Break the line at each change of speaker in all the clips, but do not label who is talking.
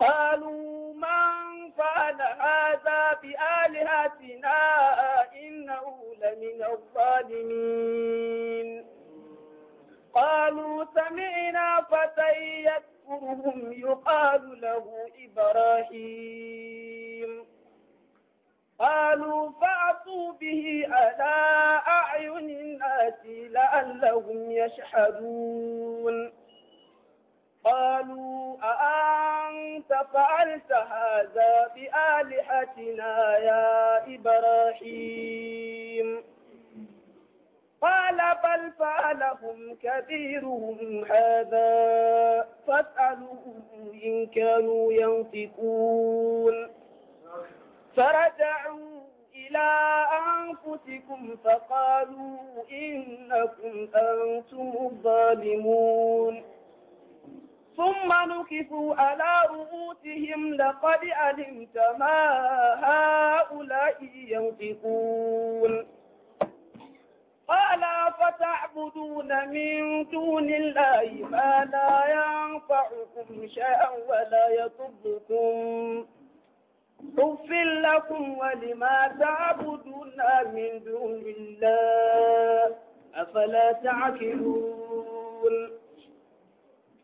قالوا من فعل هذا بآلهتنا إنه لمن الظالمين قالوا سمعنا فتى يكفرهم يقال له إبراهيم قالوا فأتوا به على أعين الناس لعلهم يشهدون قالوا أأنت فعلت هذا بآلهتنا يا إبراهيم قال بل فعلهم كبيرهم هذا فاسألوهم إن كانوا ينطقون فرجعوا إلى أنفسكم فقالوا إنكم أنتم الظالمون ثم نكفوا على رؤوسهم لقد علمت ما هؤلاء ينطقون قال فتعبدون من دون الله ما لا ينفعكم شيئا ولا يضركم أغفر لكم ولما تعبدون من دون الله أفلا تعقلون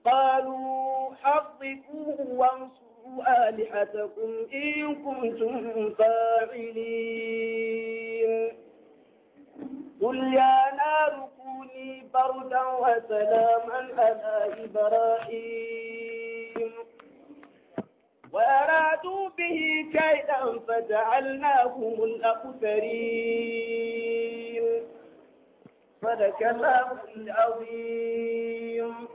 قالوا حققوا وانصروا آلهتكم إن كنتم فاعلين قل يا نار كوني بردا وسلاما على إبراهيم وأرادوا به كيدا فجعلناهم الأخسرين صدق الله العظيم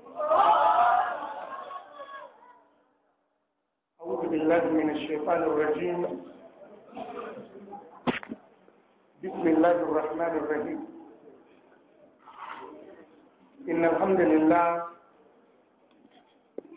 أعوذ بالله من الشيطان الرجيم بسم الله الرحمن الرحيم إن الحمد لله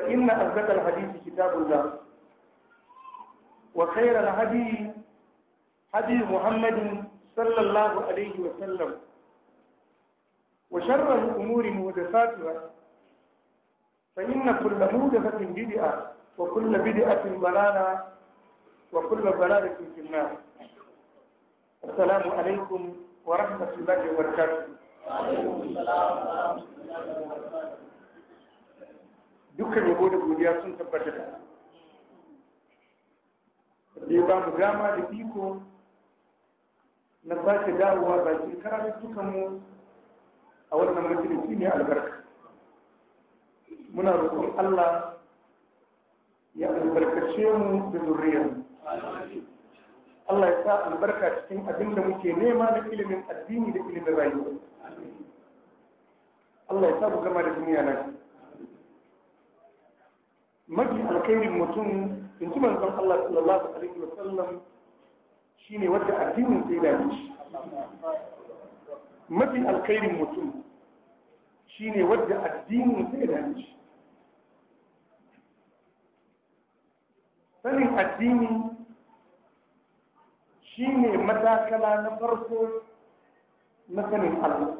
فإن أثبت الحديث كتاب الله وخير الهدي هدي محمد صلى الله عليه وسلم وشر الأمور مهدفاتها فإن كل مهدفة بدعة وكل بدعة ضلالة وكل ضلالة في النار السلام عليكم ورحمة الله وبركاته وعليكم السلام ورحمة الله وبركاته dukkan yabo da godiya sun tabbata da ya ba mu dama da iko na sake dawowa karatu dukkan mu a wannan majalisi ne albarka muna roƙon Allah ya albarkace mu da zuriyar Allah ya sa albarka cikin abin da muke nema na ilimin addini da ilimin rayuwa Allah ya sa mu gama da duniya shi. mafi alkairin mutum in ji manzan Allah sallallahu alaihi wa sallam shine wata addinin sai da shi mafi alkairin mutum shine wata addinin sai da shi sanin addini shine matakala na farko na sanin Allah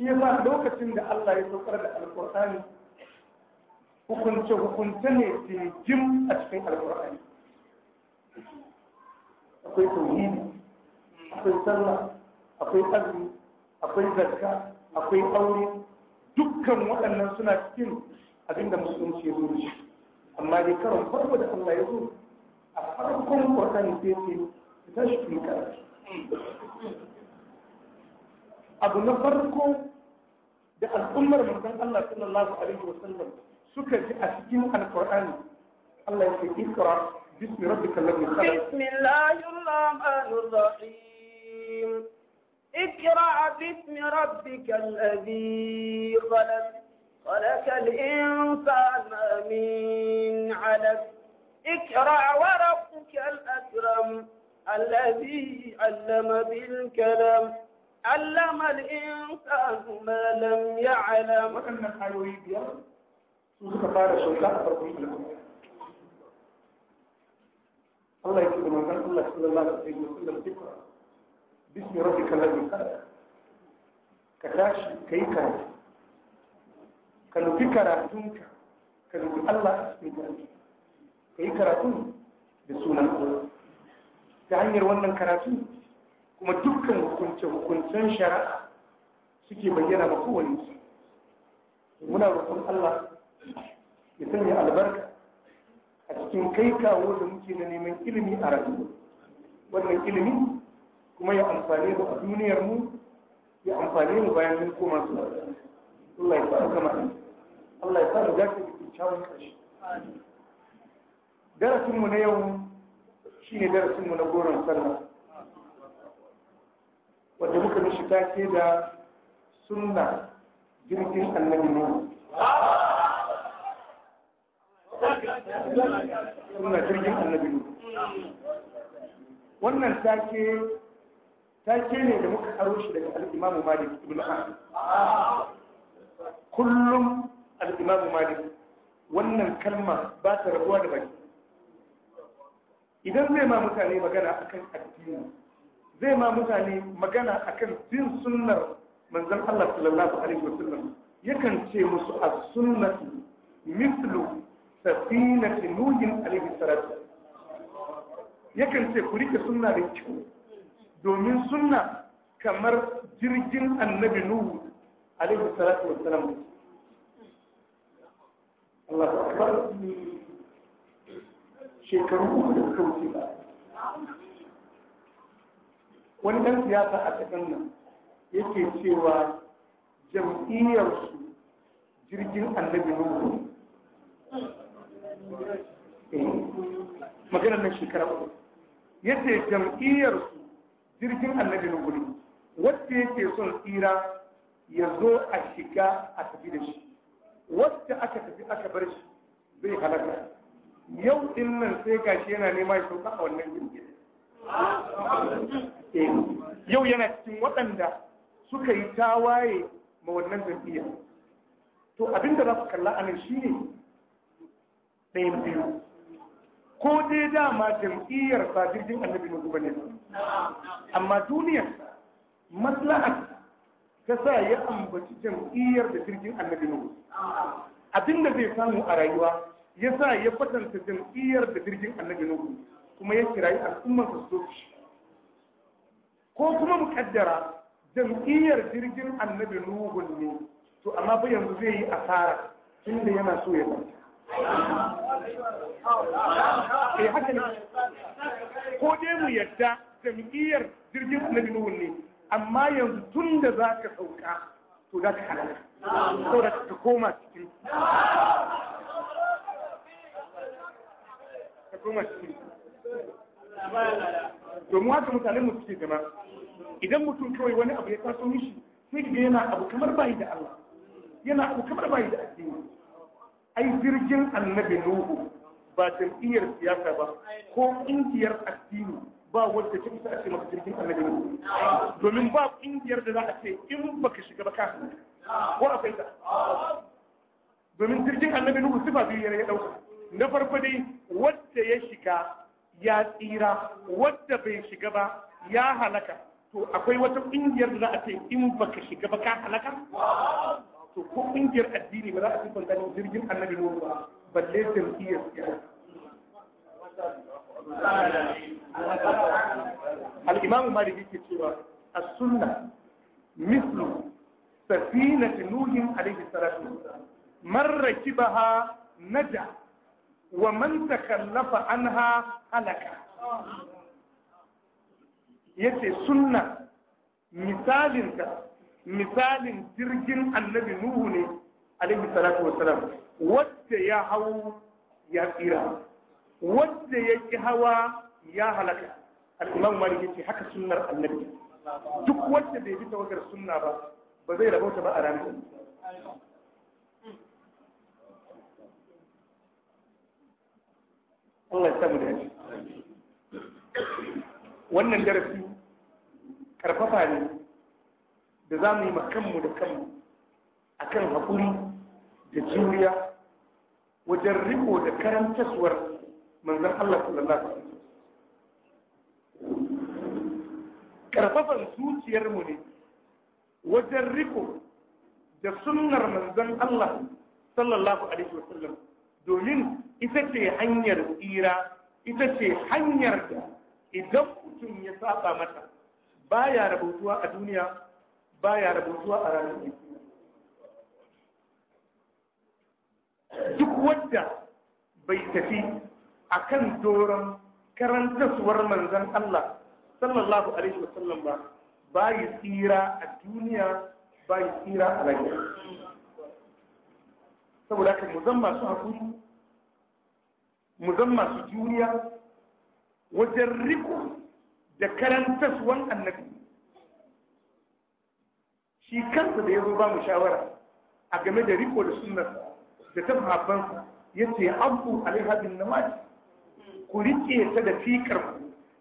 shi a lokacin da Allah ya saukar da alkur'ani hukunce hukunce ne jim a cikin alkur'ani akwai tauhidi akwai sallah akwai azumi akwai zakka akwai aure dukkan waɗannan suna cikin abinda musulunci ya zo shi amma dai karon farko da Allah ya zo a farkon Qur'ani sai ce ta tashi kun karatu abu na farko da al'ummar manzon Allah sallallahu alaihi wasallam شكرا في أسكين القرآن الله يقول اقرأ باسم ربك الذي خلق
بسم الله الرحمن الرحيم اكرع باسم ربك الذي خلق خلق الإنسان من علق اكرع وربك الأكرم الذي علم بالكلام علم الإنسان ما لم يعلم وكان الحال يريد
su suka fara sauka a farkon al'amari Allah ya tuba manzon Allah sallallahu alaihi wasallam ikra bismi rabbika alladhi khalaq ka tashi ka yi karatu ka nufi karatunka ka nufi Allah a cikin karatu ka yi karatun da sunan Allah ta hanyar wannan karatu kuma dukkan hukunce-hukuncen shari'a suke bayyana ba kowane su muna roƙon Allah
ya sanya albarka
a cikin kai kawo da muke da neman ilimi a rayu wannan ilimi kuma ya amfane mu a duniyar mu ya amfane mu bayan mun koma su Allah ya sa kama Allah ya sa mu dace da kyakkyawan kashi darasin mu na yau shine darasin mu na goron sallah wanda muka mishi take da sunna jirgin annabi ne
suna jirgin annabi
wannan take take ne da muka aro shi daga al'imamu malik ibn ahmad kullum al'imamu malik wannan kalma ba ta rabuwa da baki idan zai ma mutane magana akan addini zai ma mutane magana akan bin sunnar manzon Allah sallallahu alaihi wasallam yakan ce musu as-sunnatu mithlu safinati nuhin alaihi yakan ce ku rike suna da kyau domin suna kamar jirgin annabi nuhu alaihi salatu salam Allah akbar shekaru uku da suka wuce ba wani ɗan siyasa a cikin nan yake cewa jam'iyyarsu jirgin annabi nuhu maganar nan shekara uku yace jam'iyyar jirgin annabi na guri wacce yake son tsira ya zo a shiga a tafi da shi wacce aka tafi aka bar shi zai halaka yau din nan sai gashi yana nema ya sauka a wannan jirgin yau yana cikin waɗanda suka yi tawaye ma wannan jam'iyya to abinda za ku kalla anan shine ɗayan biyu ko dai dama jam'iyyar ba jirgin annabi nuhu bane amma duniyar maslahar ta sa ya ambaci jam'iyyar da jirgin annabi nuhu abin da zai samu a rayuwa ya sa ya kwatanta jam'iyyar da jirgin annabi nuhu kuma ya kirayi al'ummar su zo ko kuma mu kaddara jam'iyyar jirgin annabi nuhu ne to amma ba yanzu zai yi asara tunda yana so ya kwanta eh
haka ko dai mu
yadda jam'iyyar jirgin na bi ne amma yanzu tun da za ka sauka to za ka halala da ka koma cikin
ka koma cikin domin haka mutane mu
suke zama idan mutum kawai wani abu ya taso mishi sai ga yana abu kamar bayi da Allah yana abu kamar bayi da addini ai jirgin annabi nuhu ba jam'iyyar siyasa ba ko ƙungiyar addini ba wadda ta isa a ce maka jirgin annabi nuhu domin ba ƙungiyar da za a ce in baka shiga ba ka ko akwai ta domin jirgin annabi nuhu sifa biyu ya ɗauka na farko dai wadda ya shiga ya tsira wadda bai shiga ba ya halaka to akwai wata ƙungiyar da za a ce in baka shiga ba ka halaka to ƙungiyar addini ba za a sifanta da jirgin annabi mu ba balle jam'iyyar siyasa al-imam malik yake cewa as-sunna mislu Safina, nuhin alaihi salatu wasalam man naja wa man takallafa anha halaka yace sunna misalinta misalin jirgin annabi nuhu ne alaihi salatu wassalam wanda ya hau ya tsira wanda ya ki hawa ya halaka al-imam malik yace haka sunnar annabi duk wanda bai bi tawagar sunna ba ba zai rabauta ba a ranar Allah ya samu da wannan darasi karfafa ne da za mu yi kanmu da kanmu a kan haƙuri da juriya wajen riko da karantaswar manzan Allah sallallahu Alaihi wasallam. zuciyarmu ne wajen riko da sunnar manzan Allah sallallahu Alaihi wasallam domin ita ce hanyar tsira ita ce hanyar da idan mutum ya saba mata baya rabutuwa a duniya baya rubutuwa a ranar ne duk wadda bai tafi a kan doron karantaswar manzan Allah sallallahu alaihi wasallam ba ba yi tsira a duniya ba yi tsira a rayuwa saboda haka mu zan masu hakuri mu zan masu juriya wajen riko da karantaswan annabi shi kansa da ya zo ba mu shawara a game da riko da sunnar da ta sahabbansa ya ce abu alhabin mati ku riƙe ta da fikar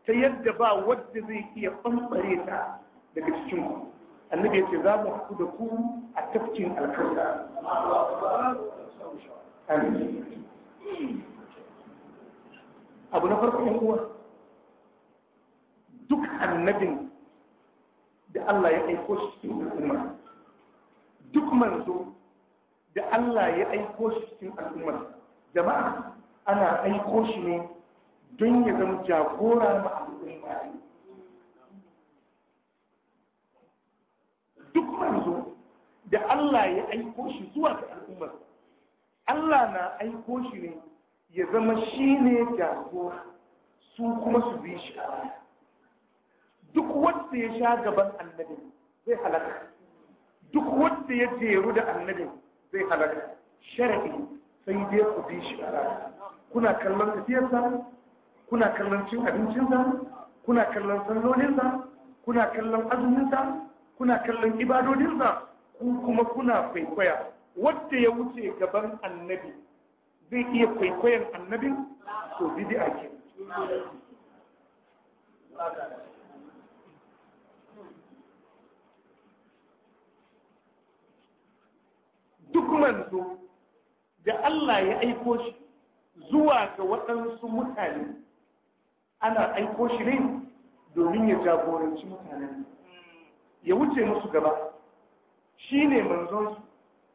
ta yadda ba wadda zai iya bambare ta daga cikin ku annabi ya ce za mu haku da ku a tafkin alkarsa abu na farko yan uwa duk annabin Allah ya aiko shi cikin al'umma duk manzo da Allah ya aiko shi cikin al'umma jama'a ana aiko shi ne don ya zama jagora ma al'umma duk manzo da Allah ya aiko shi zuwa ga al'umma Allah na aiko shi ne ya zama shi ne jagora su kuma su bi shi a baya duk wanda ya sha gaban annabi zai halaka duk wanda ya jeru da annabi zai halaka sharadi sai dai ku bi shi a kuna kallon tafiyarsa kuna kallon cin abincinsa kuna kallon sallolinsa kuna kallon azuminsa kuna kallon ibadodinsa ku kuma kuna kwaikwaya wanda ya wuce gaban annabi zai iya kwaikwayon annabin to bidi ake duk manzo da Allah ya aiko shi zuwa ga waɗansu mutane ana aiko shi ne domin ya jagoranci mutanen ya wuce musu gaba shi ne manzonsu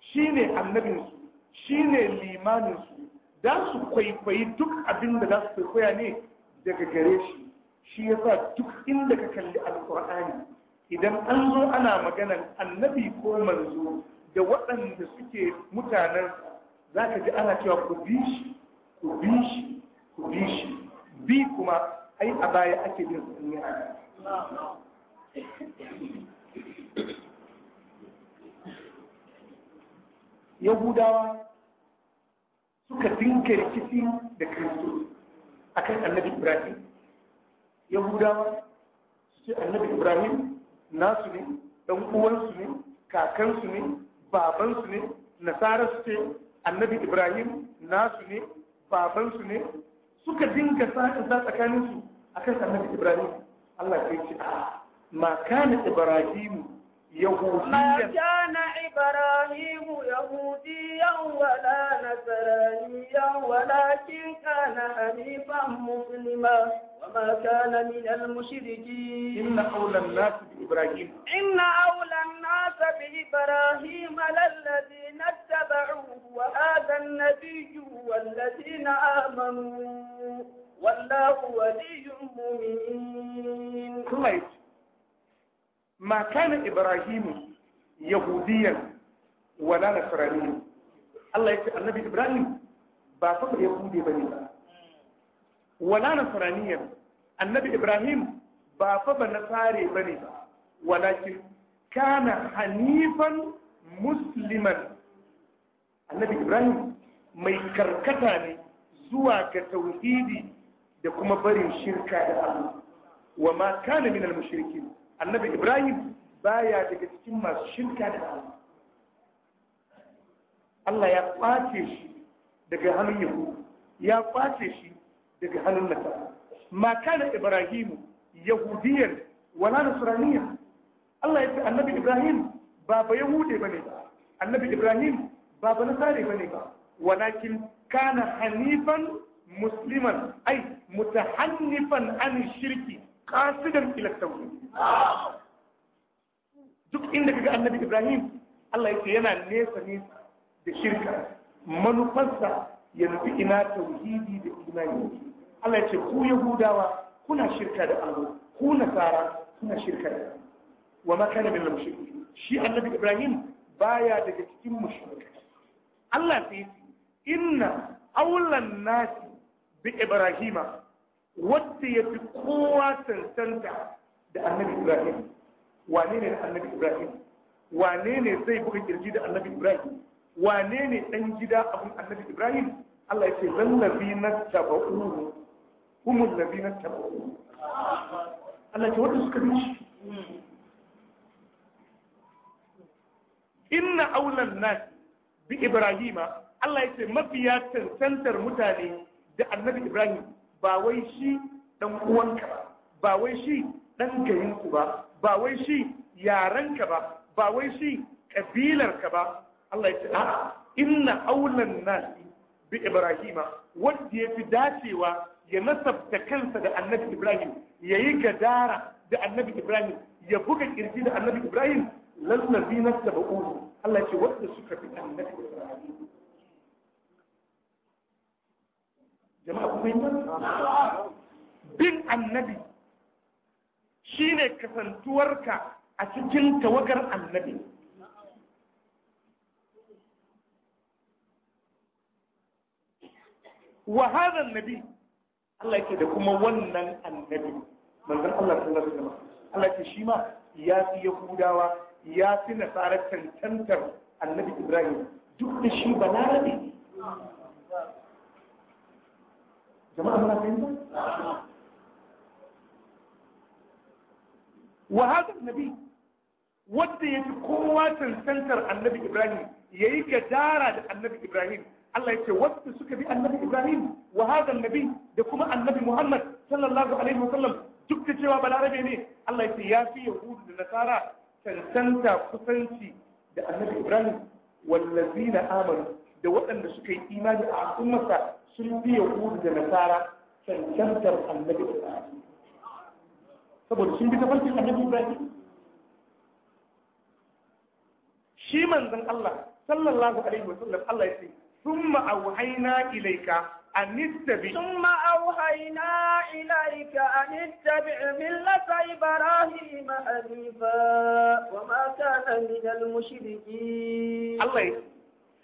shi ne annabinsu shi ne limaninsu za su kwaikwayi duk abin da za su kwaikwaya ne daga gare shi shi ya sa duk inda ka kalli alkur'ani idan an zo ana maganar annabi ko manzo da waɗanda suke mutanen za ka ji ana cewa ku bi shi ku bi shi ku bi shi bi kuma ai a baya ake bin sun yana yahudawa suka dinka rikici da kristo akan annabi ibrahim yahudawa su ce annabi ibrahim nasu ne ɗan uwansu ne kakansu ne babansu ne nasara su ce annabi ibrahim nasu ne babansu ne suka dinga sa'in za tsakaninsu akan annabi ibrahim Allah ya ce a ma kana ibrahim يهوديا ما
كان إبراهيم يهوديا ولا نصرانيا ولكن كان حنيفا مسلما وما كان من المشركين إن أولى الناس
بإبراهيم
إن أولى الناس بإبراهيم للذين اتبعوه وهذا النبي والذين آمنوا والله ولي المؤمنين
ma ibrahimu yahudiyan wala nasraniyan Allah ya ce annabi ibrahim ba fa yahudi bane ba wala nasraniyan annabi ibrahim ba fa ba nasare bane ba walakin kana hanifan musliman annabi ibrahim mai karkata ne zuwa ga tauhidi da kuma barin shirka da Allah wa annabi ibrahim baya daga cikin masu shirka da Allah Allah ya kwace shi daga hannun yahu ya kwace shi daga hannun nasa ma kana ibrahim yahudiyan wala nasraniya Allah ya ce annabi ibrahim ba yahude bane ba annabi ibrahim ba ba nasare bane ba walakin kana hanifan musliman ay mutahannifan an shirki qasidan ila tawhid duk inda kaga annabi Ibrahim Allah yake yana nesa ne da shirka manufarsa yanzu ina tauhidi da imani Allah ya ce ku Yahudawa kuna shirka da Allah ku Nasara kuna shirka da wa ma kana min mushrikin shi annabi Ibrahim baya daga cikin mushrikai Allah sai inna awlan nasi bi Ibrahima wadda ya fi kowa cancanta da annabi ibrahim wane ne annabi ibrahim wane ne zai buga kirji da annabi ibrahim wane ne dan gida abin annabi ibrahim Allah ya ce nabi na taba'uhu humul nabi na taba'uhu Allah ce wanda suka bi inna aulan nas bi ibrahima Allah ya ce mafiya cancantar mutane da annabi ibrahim ba wai shi dan uwanka ba ba wai shi dan gayinku ba ba wai shi yaranka ba ba wai shi ƙabilarka ba Allah ya ce a'a inna aulan nasi bi ibrahima wanda ya fi dacewa ya nasabta kansa da annabi ibrahim ya yi gadara da annabi ibrahim ya buga kirji da annabi ibrahim lallabi na saba'u Allah ce wanda suka fi annabi ibrahim jama'a ku bin annabi shine kasantuwarka a cikin tawagar annabi wa hadha annabi Allah yake da kuma wannan annabi manzon Allah sallallahu alaihi wasallam Allah yake shi ma ya fi yahudawa ya fi nasara tantantar annabi Ibrahim duk da shi balarabe jama'a muna fahimta wa hadha nabi wanda ya fi kowa cancantar annabi ibrahim ya yi gadara da annabi ibrahim Allah ya ce wasu suka bi annabi ibrahim wa hadha nabi da kuma annabi muhammad sallallahu alaihi wasallam duk da cewa balarabe ne Allah ya ce ya fi yahudu da nasara cancanta kusanci da annabi ibrahim wallazina amanu da waɗanda suka yi imani a al'ummarsa sun fi yahudu da nasara cancantar annabi ibrahim saboda sun bi tafarkin annabi ibrahim shi manzon Allah sallallahu alaihi wa sallam Allah ya ce ثم أوحينا إليك أن اتبع ثم
أوحينا إليك أن اتبع ملة إبراهيم حنيفا وما كان من المشركين الله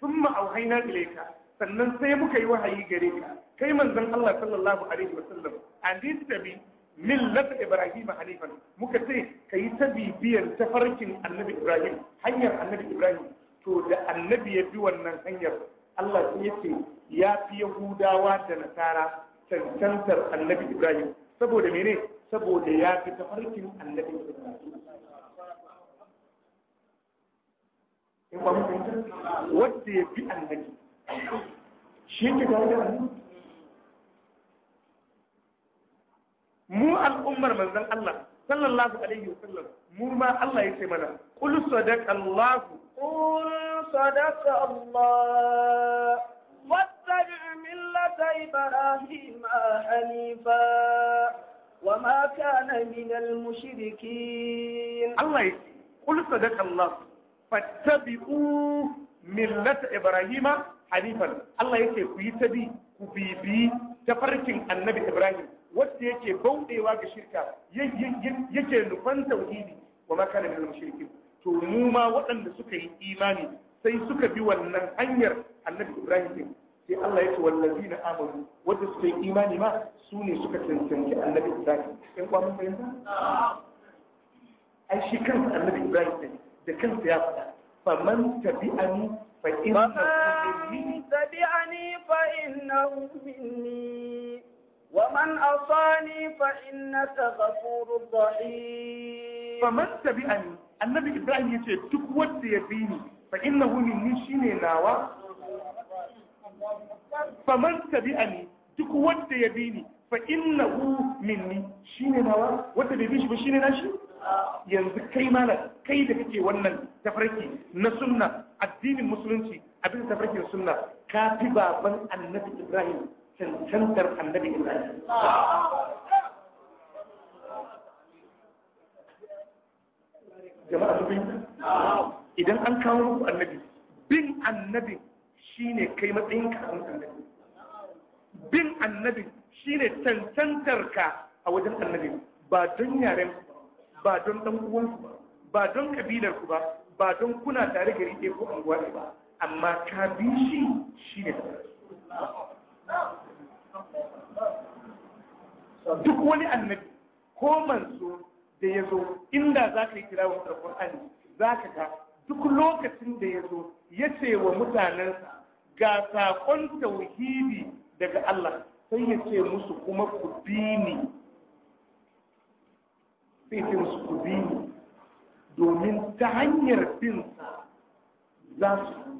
ثم أوحينا إليك
sannan sai muka yi wahayi gare ka kai manzon Allah sallallahu alaihi wasallam da bi millat Ibrahim halifan muka ce kai ta bibiyar tafarkin annabi Ibrahim hanyar annabi Ibrahim to da annabi ya bi wannan hanyar Allah sai ya ce ya fi Yahudawa da Nasara cancantar annabi Ibrahim saboda mene saboda ya fi tafarkin annabi Ibrahim in ba wadda ya bi annabi shi ki gagara mu al'ummar manzon Allah sallallahu alaihi sallam, mu ma Allah ya ce mana qul sadaqallahu
qul sadaqallahu واتبع ملة إبراهيم حنيفا وما كان من المشركين الله
يقول صدق الله فاتبعوا ملة إبراهيم hanifan Allah yake ku yi ta bi ku bibi tafarkin annabi Ibrahim wanda yake bauɗewa ga shirka yake nufan tauhidi wa ma kana minal mushrikin to mu ma waɗanda suka yi imani sai suka bi wannan hanyar annabi Ibrahim din sai Allah ya ce wallazina amanu wanda suka yi imani ma su ne suka cancanci annabi Ibrahim in kwa mun fahimta ai shi kansa annabi Ibrahim din da kansa ya faɗa faman tabi'ani Faman tabi a ni, annabi Ibrahim ya ce duk wanda ya bi ni, fa ina shi ne nawa? Faman tabi a ni, duk wanda ya bi ni, fa ina shi ne nawa? Wanda bai shi ba shi ne nashi? Yanzu kai mana kai da kake wannan tafarki na sunna addinin musulunci abin tafarkin sunna ka fi baban annabi ibrahim cancantar annabi ibrahim jama'a su idan an kawo muku annabi bin annabi shine kai matsayin ka annabi bin annabi shine cancantar ka a wajen annabi ba don yaren ba don dan uwanku ba ba don kabilar ku ba ba don kuna tare gari ɗaya ko unguwa ne ba amma ka bi shi shi ne duk wani annabi ko manzo da ya zo inda za ka yi tilawar alƙur'ani za ka ga duk lokacin da ya zo ya ce wa mutanensa ga saƙon tauhidi daga Allah sai ya ce musu kuma ku bi ni sai ce musu ku bi ni domin ta hanyar bin za su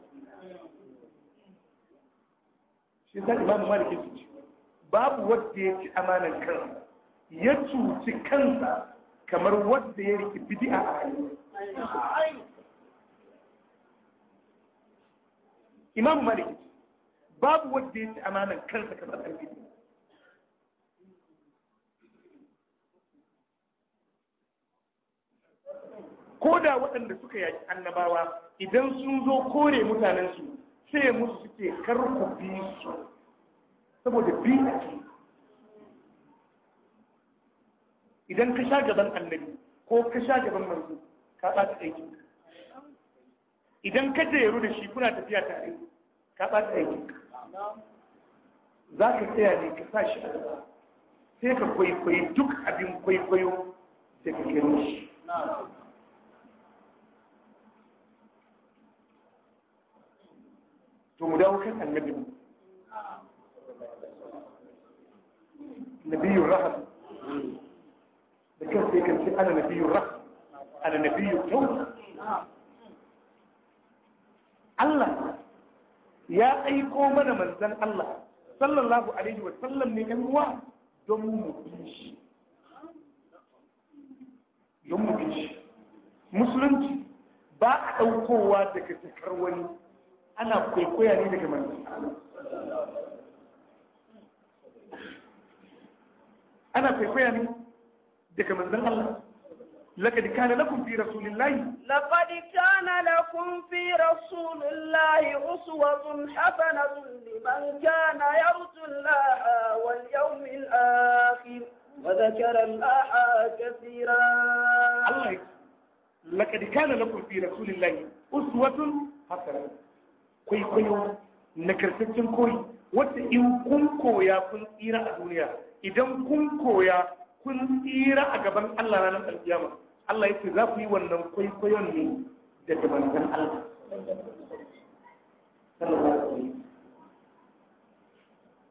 shi sa imamu maliki su ce babu wadda ya ci amanan kansa ya cuci kansa kamar wadda ya riki bidi'a a hannu imamu maliki babu wadda ya ci amanan kansa kamar ɗan bidi'a ko da waɗanda suka yaki annabawa idan sun zo kore mutanensu sai musu suke karku bi su saboda bi a ce idan ka sha gaban annabi ko ka sha gaban manzo ka ɓata aikin idan ka jeru da shi kuna tafiya tare ka ɓata aikin za ka tsaya ne ka sa shi a gaba sai ka kwaikwayi duk abin kwaikwayo daga ka shi to mu dawo kan annabi mu nabiyyu rahab da kan sai kan ce ana nabiyyu rahab ana nabiyyu tauba Allah ya aiko mana manzon Allah sallallahu alaihi wa sallam ne kan uwa don mu bishi, don mu bishi. musulunci ba a daukowa daga takar wani ana kwaikwaya ne daga أنا ana kwaikwaya ne daga manzon Allah لقد كان لكم في رسول
الله لقد كان لكم في رسول الله أسوة حسنة لمن كان يرجو الله واليوم الآخر وذكر الله كثيرا الله
لقد كان لكم في رسول الله أسوة حسنة kwaikwayo na nagartaccen koyi wadda in kun koya kun tsira a duniya idan kun koya kun tsira a gaban Allah ranar alkiyama Allah ya ce za ku yi wannan kwaikwayon ne da manzon Allah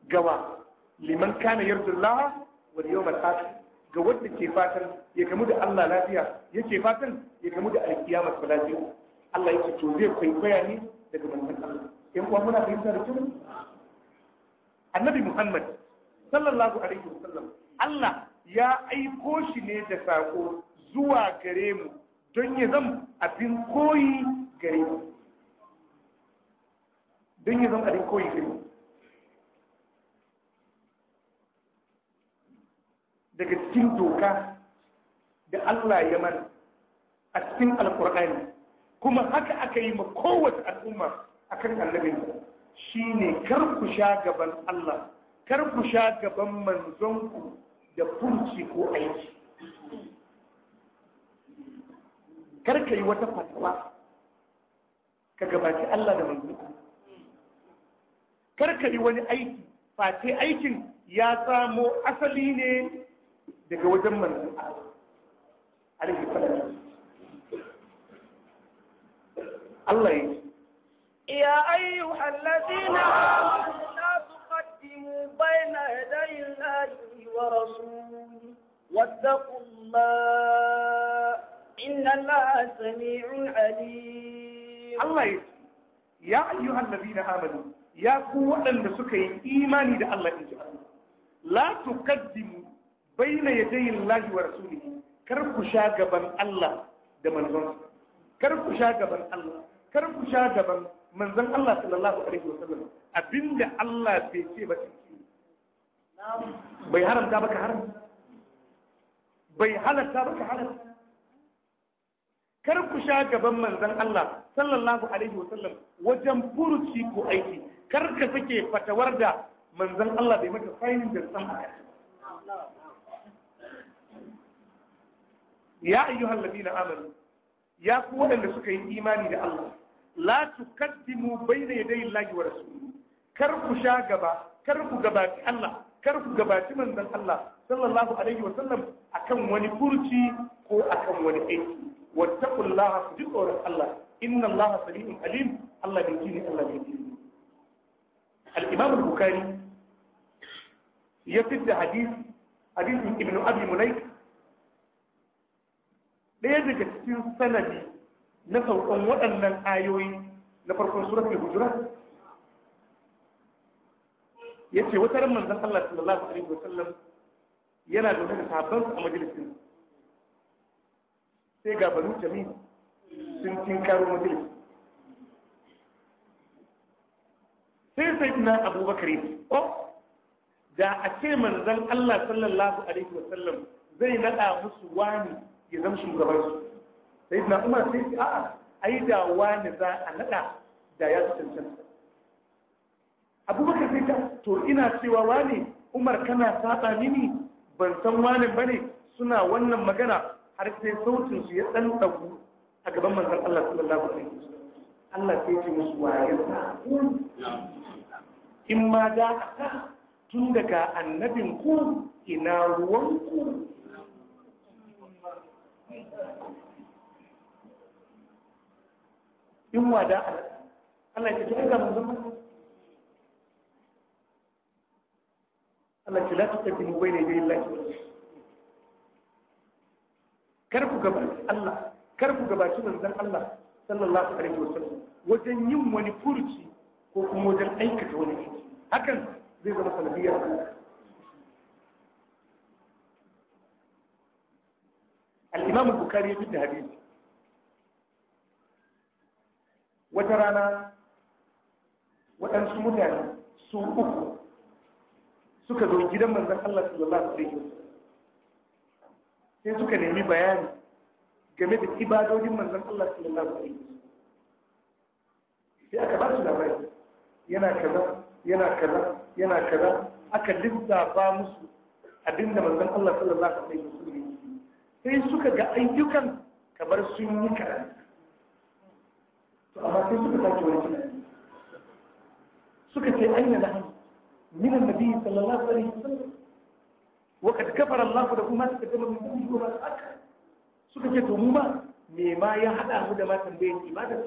gawa liman kana yardullaha wal yawmal akhir ga wanda ke fatan ya gamu da Allah lafiya yake fatan ya gamu da alkiyama lafiya Allah ya ce to zai kwaikwaya ne daga manzon Allah in kuwa muna fahimta da kyau annabi Muhammad sallallahu alaihi wasallam Allah ya aiko shi ne da sako zuwa gare mu don ya zama abin koyi gare mu don ya zama abin koyi gare mu daga cikin doka da Allah ya mana a cikin alkur'ani kuma haka aka yi ma kowace al'umma kan annabin ne kar ku sha gaban Allah kar ku sha gaban manzonku da furci ko aiki kar ka yi wata fatawa ka gabaci Allah da manzon kar ka yi wani aiki face aikin ya samo asali ne daga wajen manzon Allah alaihi salatu
الله ya يا أيها الذين آمنوا لا تقدموا بين يدي الله ورسوله واتقوا الله إن الله سميع عليم الله
يا أيها الذين آمنوا يا قوة أن سكي إيماني دا الله إن لا تقدموا بين يدي الله ورسوله كركشا شاقبا الله دمن كركشا قبل الله kar ku sha gaban manzon Allah sallallahu alaihi wasallam abinda Allah bai ce ba ciki bai haramta ba ka haram bai halatta ba ka haram kar ku sha gaban manzon Allah sallallahu alaihi wasallam wajen furuci ko aiki kar ka sake fatawar da manzon Allah bai maka sayin da san ya ayyuhal ladina amanu ya fi waɗanda suka yi imani da Allah la bai da yadda Allah wa rasuluhu kar ku sha gaba kar ku gabaci Allah kar ku gabaci manzon Allah sallallahu alaihi wa sallam akan wani kurci ko akan wani aiki wattaqullaha ku ji tsoron Allah inna Allah sami'un alim Allah bai ji ne Allah bai ji al-Imam al-Bukhari ya fitta hadisi hadisin Ibn Abi Mulaik ɗaya daga cikin sanadi na saukan waɗannan ayoyi na farkon surat al-hujurat yace wata ran manzon Allah sallallahu alaihi wasallam yana zaune da sahabban a majalisin sai ga banu jami sun tinkaro majalis sai sai na abubakar Oh, da a ce manzon Allah sallallahu alaihi wasallam zai nada musu wani ya zama shugaban su sai na umar sai a a ai da wani za a nada da ya su cancanta abubakar sai ta to ina cewa wani umar kana saba mini ban san wani bane suna wannan magana har sai sautin su ya dan dagu a gaban manzon Allah sallallahu alaihi wasallam Allah sai ce musu waye in ma da tun daga annabin ku ina ruwan ku yunwa wada Allah ya ce ai ga manzon Allah ce ta la tuqaddimu bayna yaday Allah kar ku gaba Allah kar ku gabaci manzon Allah sallallahu alaihi wasallam wajen yin wani furuci ko kuma wajen aikata wani hakan zai zama sanadiyar Allah al-imam al-bukhari ya da hadisi wata rana waɗansu mutane su uku suka zo gidan manzon Allah sallallahu سوك نعمي sai suka nemi bayani game da ibadodin manzon Allah sallallahu alaihi
wasallam sai aka ba su labari
yana kaza yana kaza yana kaza aka lissafa musu abinda manzon Allah sallallahu alaihi wasallam sai suka ga ayyukan kamar sun yi karanta to amma sai suka sake wani tunani
suka ce aina na
hannu min annabi sallallahu alaihi wasallam wa kad kafara Allah da kuma suka gama min duniya ba aka suka ce to mu ma me ma ya hada mu da ma tambayar ibadar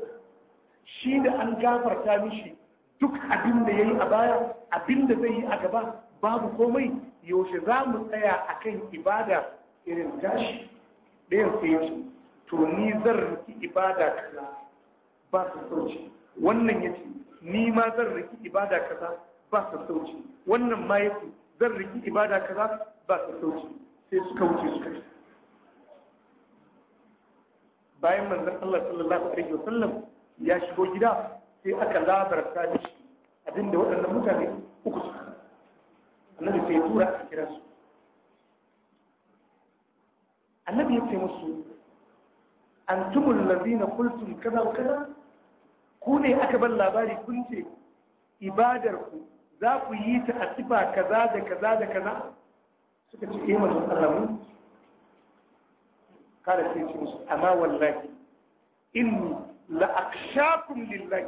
shi da an gafarta mishi duk abin da yayi a baya abin da zai yi a gaba babu komai yaushe za mu tsaya akan ibada irin tashi ɗayan sai ya to ni zan riki ibada kaza ba su sauci wannan ya ce ni ma zan riki ibada kaza ba su sauci wannan ma ya ce zan riki ibada kaza ba su sauci sai suka wuce suka kai bayan manzon Allah sallallahu alaihi wasallam ya shigo gida sai aka labarta mishi abinda waɗannan mutane uku suka annabi sai tura a kira su annabi ya ce musu antumul na qultum kaza kaza ku ne aka bar labari kun ce ibadar ku za ku yi ta a sifa kaza da kaza da kaza suka ce eh manzon kada sai ce musu amma wallahi inni la akshakum lillahi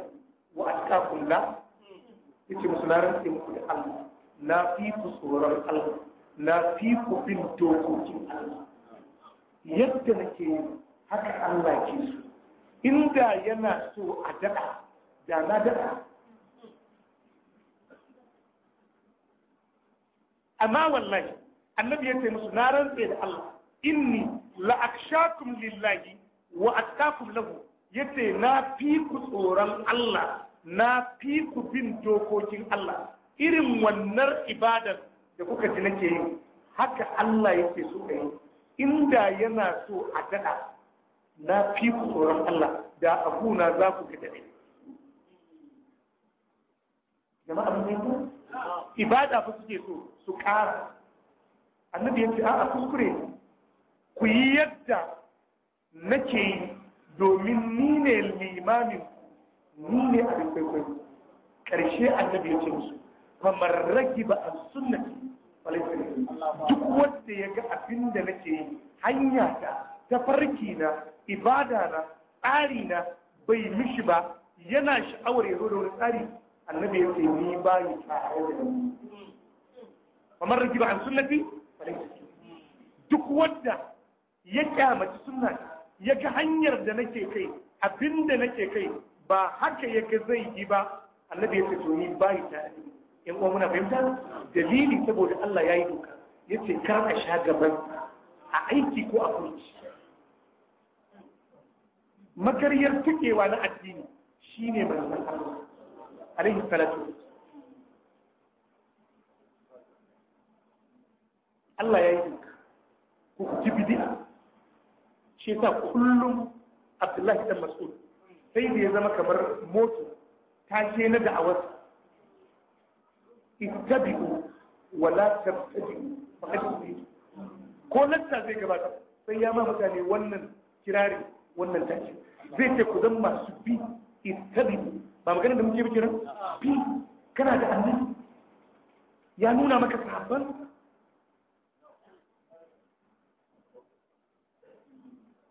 wa atqakum la yace musu na rantse muku Allah na fi ku tsoron Allah na fi ku bin dokokin Allah yadda nake yi haka Allah ke su inda yana so a daɗa da na daɗa amma wallahi annabi ya ce musu na rantse da Allah inni la'akshakum lillahi wa attaqum lahu yace na fi ku tsoron Allah na fi ku bin dokokin Allah irin wannan ibadar da kuka ji nake yi haka Allah yake so ka yi inda yana so a daɗa
na fi ku tsoron Allah da abuna za
ku fi daɗe. Jama'a mun yanzu? Ibada fa suke so su ƙara. Annabi ya ce a'a kuskure ku yi yadda nake yi domin ni ne limamin ni ne abin kwaikwayo. Ƙarshe annabi ya ce musu, "Kamar ragi ba a sunnati duk wanda ya ga abin da nake yi hanya ta tafarki na ibada na tsari na bai mishi ba yana sha'awar ya zo da wani tsari annabi ya ce ni ba ni tare da kamar rigi ba an sunnati duk wanda ya kyamaci sunna ya ga hanyar da nake kai abin da nake kai ba haka ya ga zai yi ba annabi ya ce to ni ba ni ta da yan uwa muna fahimta dalili saboda Allah ya yi doka ya ce kar ka sha gaban a aiki ko a kurci makaryar tukewa na addini shine manzon Allah alaihi salatu Allah ya yi doka ku ji bid'a shi yasa kullum Abdullahi dan Mas'ud sai da ya zama kamar moto ta ce na da'awarsa ittabi'u wa la tabtadi'u faqad kuntu ko lanta zai gabata sai ya ma mutane wannan kirari wannan tace zai ce ku zan masu bi ittabi'u ba maganar da muke bi kiran bi kana da annabi ya nuna maka sahabban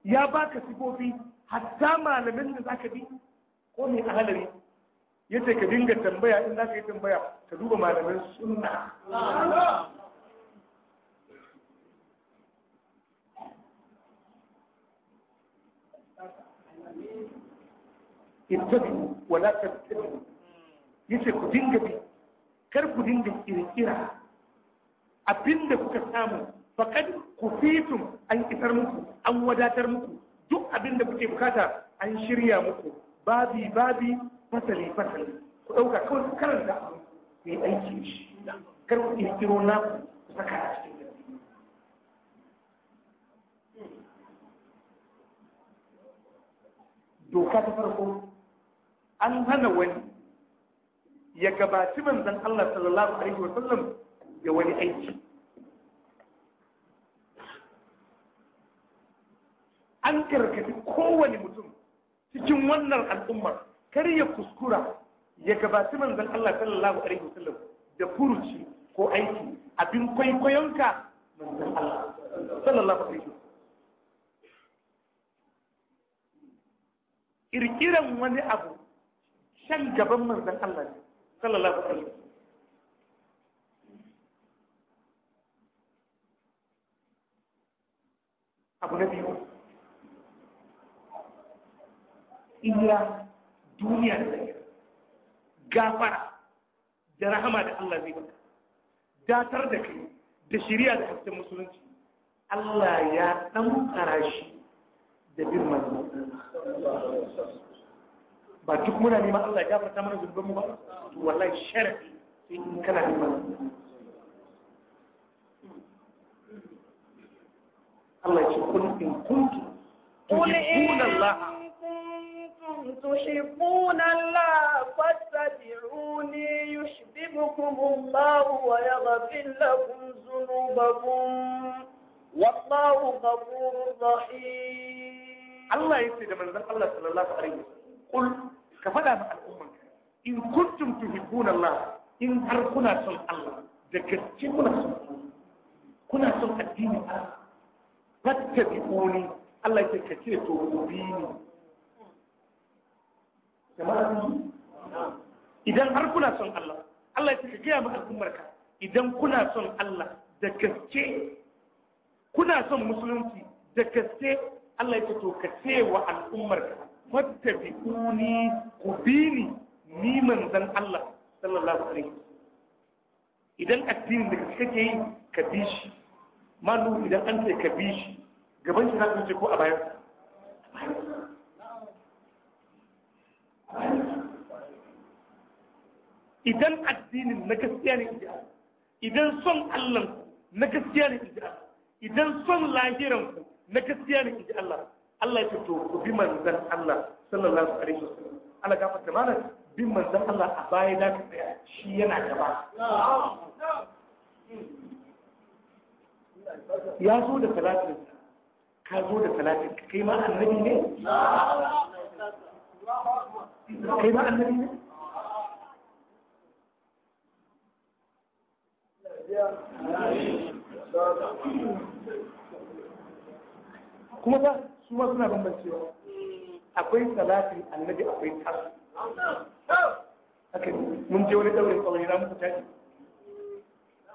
ya baka sifofi hatta malamin da zaka bi ko mai ahalari yace ka dinga tambaya in za ka yi tambaya ka duba malaman sunna wala wa la ya yace ku dinga bi kar ku dinga kirkira abinda kuka samu faqad fitum an kitar muku an wadatar muku duk abinda kuke bukata an shirya muku babi babi fasali fasali ku ɗauka kawai ku karanta abu
ku yi aiki shi kar ku kiro
na ku saka a cikin doka ta farko an hana wani ya gabaci manzan Allah sallallahu alaihi wa sallam da wani aiki an karkaci kowane mutum cikin wannan al'ummar kar ya kuskura ya gabaci manzon Allah sallallahu alaihi wasallam da furuci ko aiki abin kwaikwayonka manzon Allah sallallahu alaihi wasallam kirkiran wani abu shan gaban manzon Allah ne sallallahu alaihi wasallam abu na biyu iya duniya da zai gafara da rahama da Allah zai baka datar da kai da shari'a da hakkin musulunci Allah ya ɗan shi da bin manzo ba duk muna neman Allah ya gafarta mana zunuban mu ba to wallahi sharafi sai in kana neman
Allah ya ce kun in kuntu tuhibuna Allah تحبون الله فاتبعوني يحببكم الله ويغفر لكم ذنوبكم والله غفور رحيم
الله يسيد من ذلك الله صلى الله عليه وسلم قل كفدا مع الأمة إن كنتم تحبون الله إن هركنا صلى الله ذكرتي كنا سن كنا الدين الله فاتبعوني الله يسيد كثير توبيني jama'a idan har kuna son Allah Allah ya ce gaya ma al'ummar idan kuna son Allah da gaske kuna son musulunci da gaske Allah ya ce to ka ce wa al'ummar ka fattabi'uni ku bi ni ni manzon Allah sallallahu alaihi idan addinin da kake yi ka bi shi malu idan an ce ka bi shi gaban shi za ka ce ko a bayan idan addinin na gaskiya ne inji idan son Allah na gaskiya ne inji idan son lahiran ku na gaskiya ne inji Allah Allah ya fito ku bi manzon Allah sallallahu alaihi wasallam Allah ka fata mana bin manzon Allah a baya da ka shi yana gaba ya zo da talatin ka zo da talatin kai ma annabi ne
kai ma annabi ne
kuma ba su ma suna bambancewa akwai salatin annabi akwai tasu haka mun je wani daurin tsawon ya muka tashi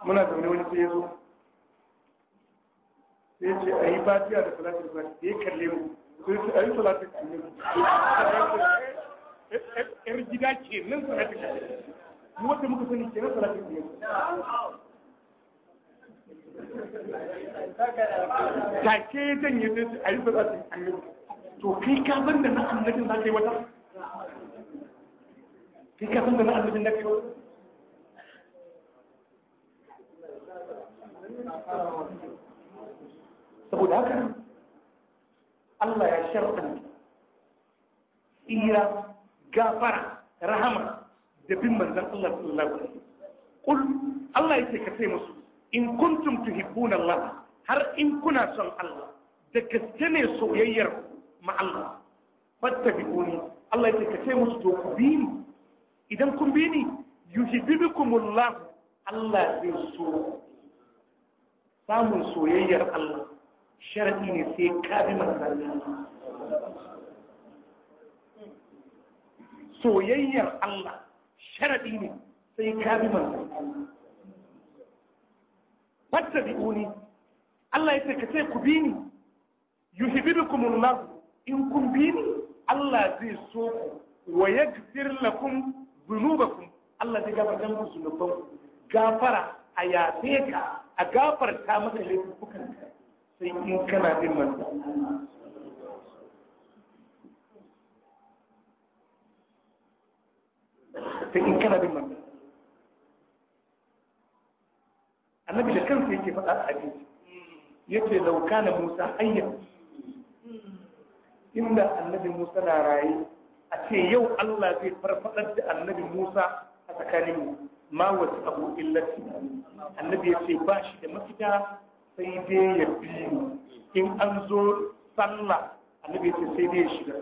muna zaune wani sai ya zo
sai ce a yi
fatiya da salatin ba ya kalle mu sai ce a yi salatin annabi yar gida ke nan salatin mu wata muka sani ke nan salatin annabi
take
ya janye sai su a yi salatin annabi to kai ka san da na annabin za ka yi wata kai ka san da na annabin da ka yi wata saboda haka Allah ya sharɗan tsira gafara rahama da bin manzan Allah sallallahu alaihi wasallam Allah yake ka sai musu in kuntum tuhibbuna Allah har in kuna son Allah da gaske ne soyayyar ma Allah fattabi'uni Allah yake kace musu to ku bini, idan kun bini, ni yuhibbukumullah Allah zai so samun soyayyar Allah sharadi ne sai ka bi manzon soyayyar Allah sharadi ne sai ka bi manzon Allah fattabi'uni Allah ya ce ka ce ku bi ni yuhibbukumullah in kun bi ni Allah zai so ku wa yaghfir lakum dhunubakum Allah zai gafarta muku zunubanku gafara a yafe ka a gafarta maka laifukan ka sai in kana bin manzo sai in kana bin manzo annabi da kansa yake faɗa a hadisi yace law kana musa hayyan inda annabi musa na raye a ce yau Allah zai farfadar da annabi musa a tsakaninmu ma wasu abu illati annabi ya ce ba shi da mafita sai dai ya bi in an zo sallah annabi ya ce sai dai ya shiga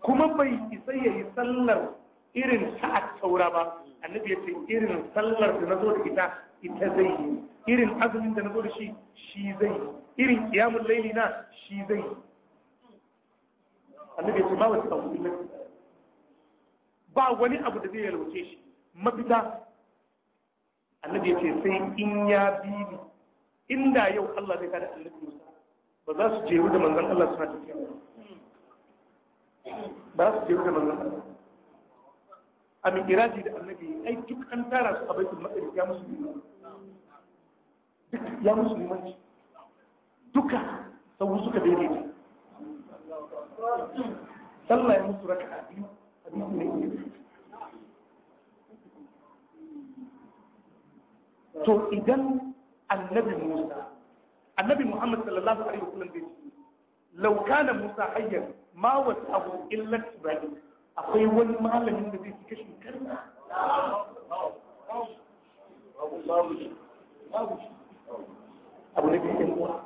kuma bai isa ya yi sallar irin ta a taura ba annabi ya ce irin sallar da na zo da ita ita zai yi irin azumin da na zo da shi shi zai yi irin kiyamun laili na shi zai yi annabi ya ce ba wasu abu illa ba wani abu da zai yalwace shi mafita annabi ya ce sai in ya bi ni inda yau Allah zai kada annabi Musa ba za su jeru da manzon Allah suna tafiya ba za su jeru da manzon Allah a mikiraji da annabi ai duk an tara su a baitul maqdis ya musulmi ya musulmanci duka sau suka daidaita sallah ya musu raka'a biyu hadisi ne to idan annabi Musa annabi Muhammad sallallahu alaihi wasallam bai ce law kana Musa hayyan ma wasa'ahu illa Ibrahim akwai wani malamin da zai fi kashin karna abu uwa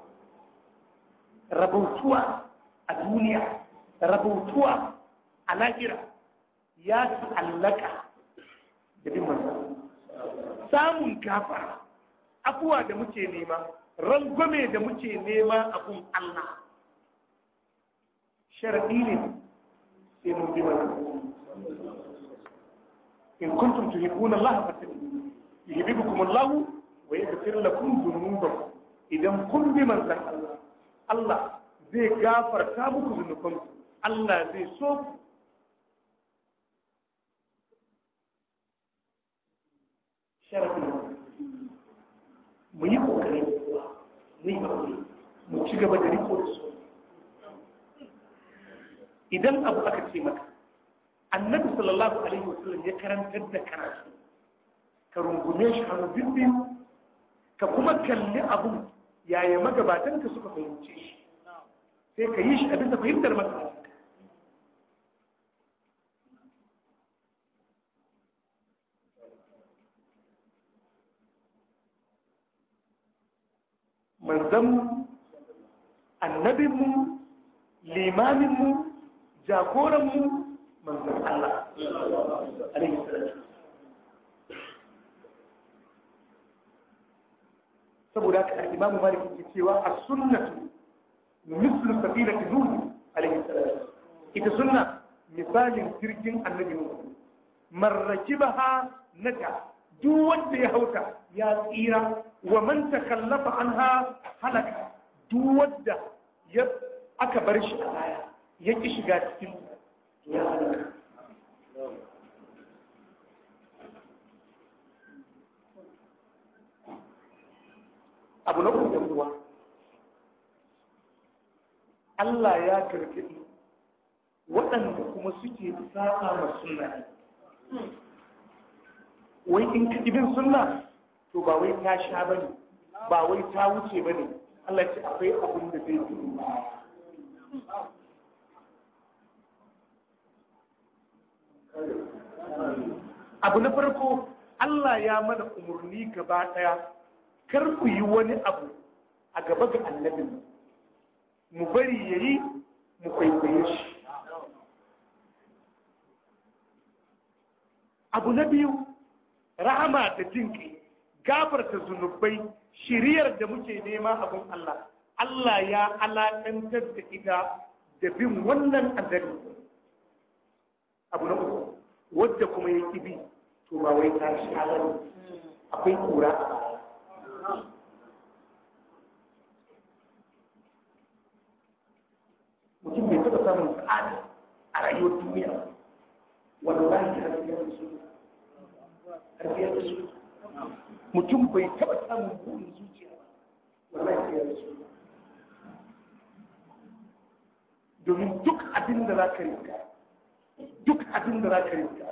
rabautuwa a duniya rabautuwa a lahira ya ta'allaka da bin manzo samun gafara afuwa da muke nema rangwame da muke nema abun Allah sharaɗi ne sai mun bi mana in kuntum tuhibbuna Allah fattabi'uni yuhibbukum Allah wa yaghfir lakum dhunubakum idan kun bi manzon Allah Allah zai gafarta mu zunubanku Allah zai so sharafin mu yi kokari mu yi mu ci gaba da riko da su idan abu aka ce maka annabi sallallahu alaihi wasallam ya karantar da karatu ka rungume shi hannu bibbin ka kuma kalli abu yaya magabatan ka suka fahimce shi sai ka yi shi a bisa fahimtar annabi manzanmu annabinmu limaminmu jagoran mu manzan Allah alaihi salatu saboda ka Imam Malik yake cewa as-sunnatu mislu safinati nuh alayhi salam ita sunna misalin jirgin annabi nuh marrakibaha nata duk wanda ya hauta ya tsira wa man takallafa anha halaka duk wanda ya aka bar shi a baya ya ki shiga cikin abu na kuma kuwa Allah ya gargaɗi waɗanda kuma suke saƙa ma suna wai in ka ibin suna to ba wai ta sha ba ne ba wai ta wuce ba ne Allah ce akwai abin da zai tuni ba abu na farko Allah ya mana umarni gaba ɗaya kar ku yi wani abu a gaba ga annabin mu bari ya yi mu kwaikwaye shi abu na biyu rahama da jinƙi gafarta zunubai shiriyar da muke nema abin Allah Allah ya alaƙantar da ita da bin wannan annabi abu na uku wadda kuma ya ƙi bi to ba wai ta shi halari akwai kura a mutum bai taɓa samun tsari a rayuwar duniya wallahi harfiyar da su harfiyar da su mutum bai taɓa samun buɗin zuciya ba wallahi harfiyar da su domin duk abin da za ka riga duk abin da za ka rinka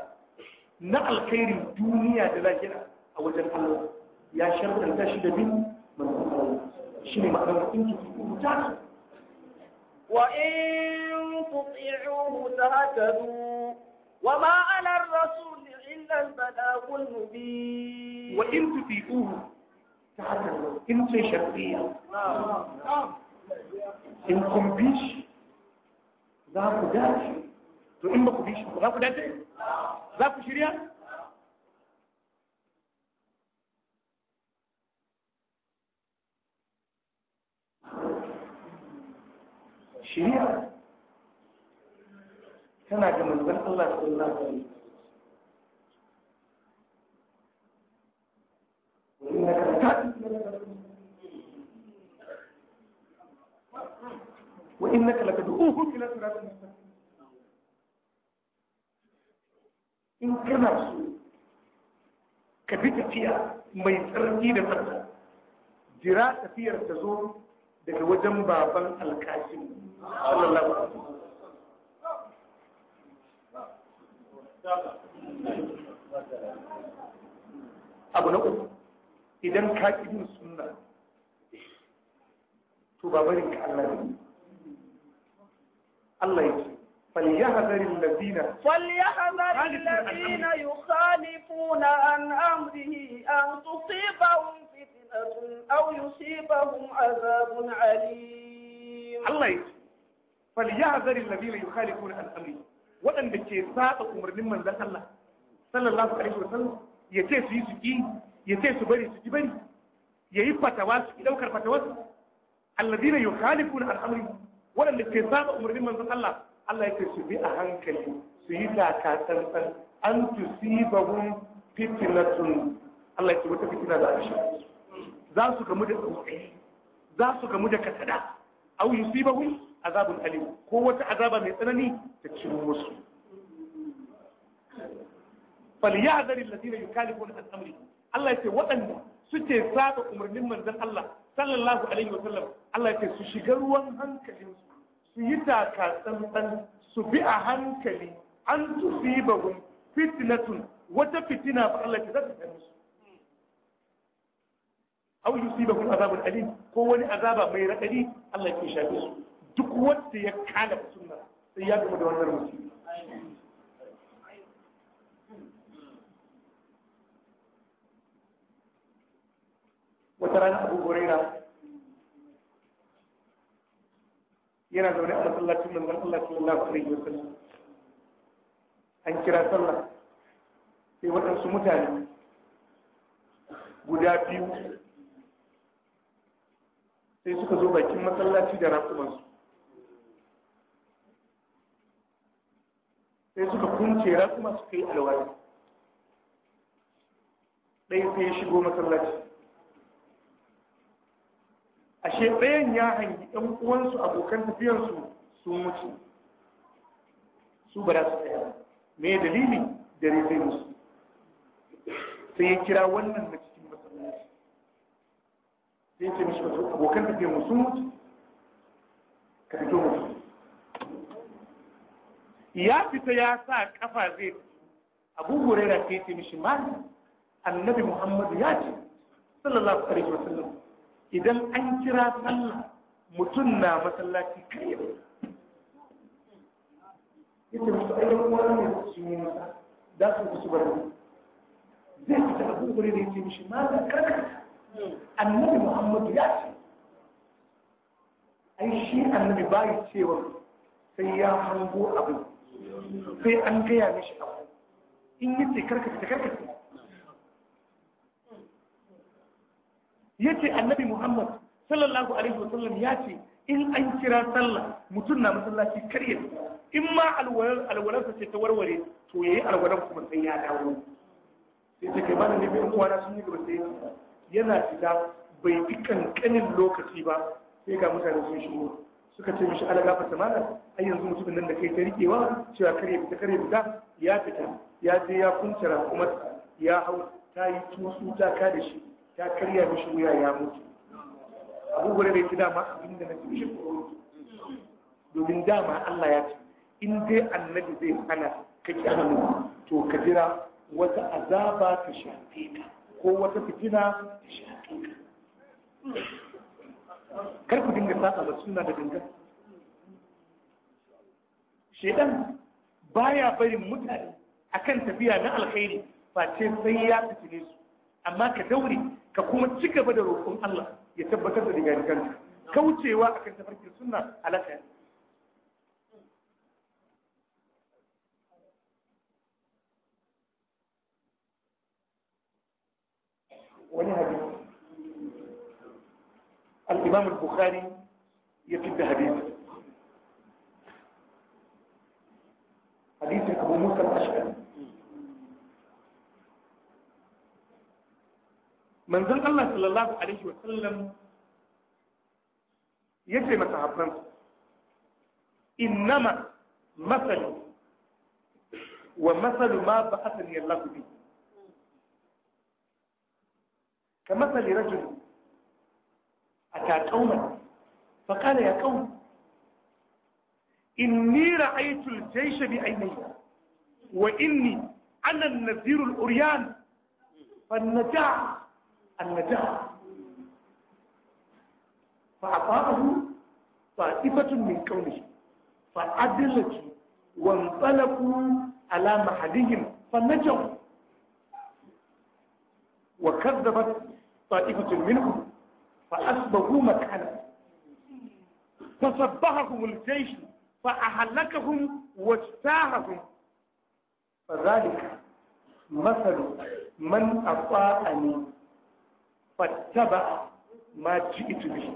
na alkhairin duniya da lahira a wajen Allah ya shartanta shi da bin manzon shi ne ma'anar in ki
kuta wa in tuti'uhu tahtadu wa ma 'ala ar-rasul illa al-balagul mubin wa
in tuti'uhu tahtadu in ce shartiya in kun bi za ku dace to in ba ku bi shi ba za ku dace za ku shirya shirya
tana ga manzon Allah sallallahu alaihi
وإنك لتدعوهم
إلى صراط مستقيم in kana so ka bi tafiya mai tsarki da tsarka jira tafiyar ta zo daga wajen baban alkashin sallallahu alaihi abu na uku idan ka ƙi sunna to babarin ka Allah ne Allah ya ce فليحذر الذين
فليحذر الذين يخالفون عن أمره أن تصيبهم فتنة أو يصيبهم عذاب عليم
الله فليحذر الذين يخالفون عن أمره وأن بكي ساعة أمر من ذا الله صلى الله عليه وسلم يتيس يسكي يتيس بري سكي بري يجب فتواس يدوكر فتواس الذين يخالفون عن أمره وأن بكي ساعة أمر ممن ذات الله Allah yake su bi a hankali su yi taka tsantsan an tu tusibahum fitnatun Allah yake wata fitina za a shi za su gamu da tsautsayi za su gamu da yi aw yusibahum azabun alim ko wata azaba mai tsanani ta ciro musu falyadhar alladhina yukhalifuna an amri Allah yake waɗanda suke saba umarnin manzon Allah sallallahu alaihi wa sallam Allah yake su shiga ruwan hankalinsu su yi taka tsantsan su bi a hankali an bagun fitnatun wata fitina ba Allah ta zata kai musu aw yusibahum azabun alim ko wani azaba mai raɗaɗi Allah ke shafe su duk wanda ya kala sunna sai ya gama da wannan musu wata rana Abu Hurairah yana zaune a masallacin zan Allah sallallahu alaihi wasallam an kira sallah sai waɗansu mutane guda biyu sai suka zo bakin masallaci da rakumansu sai suka kunce rakuma suka yi alwala ɗaya sai ya shigo masallaci ashe ɗayan ya hangi ɗan uwansu abokan tafiyarsu sun mutu su ba za su tsaya me dalilin dare zai musu sai ya kira wannan da cikin masallaci sai ce mishi wasu abokan tafiyar sun mutu ka fito mutu ya fita ya sa kafa zai abu hurairah sai ce mishi ma annabi muhammadu ya ce sallallahu alaihi wasallam idan an kira sallah mutum na masallaci kai ya ita musu ayyukan wani ne su yi masa za su kusa bari zai fita abin gure da ya ce mishi ma zan karkata annabi muhammadu ya ce ai shi annabi bayi cewa sai ya hango abu sai an gaya mishi abu in yi ta karkata karkata Ya ce annabi Muhammad sallallahu alaihi wasallam ya ce in an kira sallah mutum na masallaci karye in ma alwalarsa ce ta warware to yayi alwalar kuma sai ya dawo sai ta kai malam ne bai uwana sun yi gaba sai yana fita bai fi kankanin lokaci ba sai ga mutane sun shigo suka ce mishi ala gafa malam ai yanzu mutumin nan da kai ta rikewa cewa karye fita karye fita ya fita ya je ya kuncira kuma ya hau ta yi tusu ta da shi ta karya mishi wuya ya mutu abu gure da ci dama abin da na fi shi tsoro domin dama Allah ya ce in dai annabi zai hana ka ki hannu to ka jira wata azaba ta shafe ka ko wata fitina ta
shafe ka
kar ku dinga saba ba suna da dinga shedan baya barin mutane akan tafiya na alkhairi face sai ya fitine su amma ka daure ka kuma ci gaba da roƙon Allah ya tabbatar da digadiganka kaucewa akan tafarkin sunna halaka wani hadisi al-imam al-bukhari ya fitta hadisi hadisin abu musa al-ashari manzon Allah sallallahu alaihi wa sallam ya ce masahabban innama masalu wa masalu ma ba'athani Allah bi rajul fa qala كمثل رجل أتى قوما فقال يا قوم إني رأيت الجيش بعيني وإني أنا النذير الأريان فالنجاح النجاة فأصابه طائفة من كونه فعدلت وانطلقوا على محلهم فنجوا وكذبت طائفة منهم فأسبقوا مكانا فصبحهم الجيش فأهلكهم واجتاحهم فذلك مثل من أطاعني fattaba ma ji'tu bihi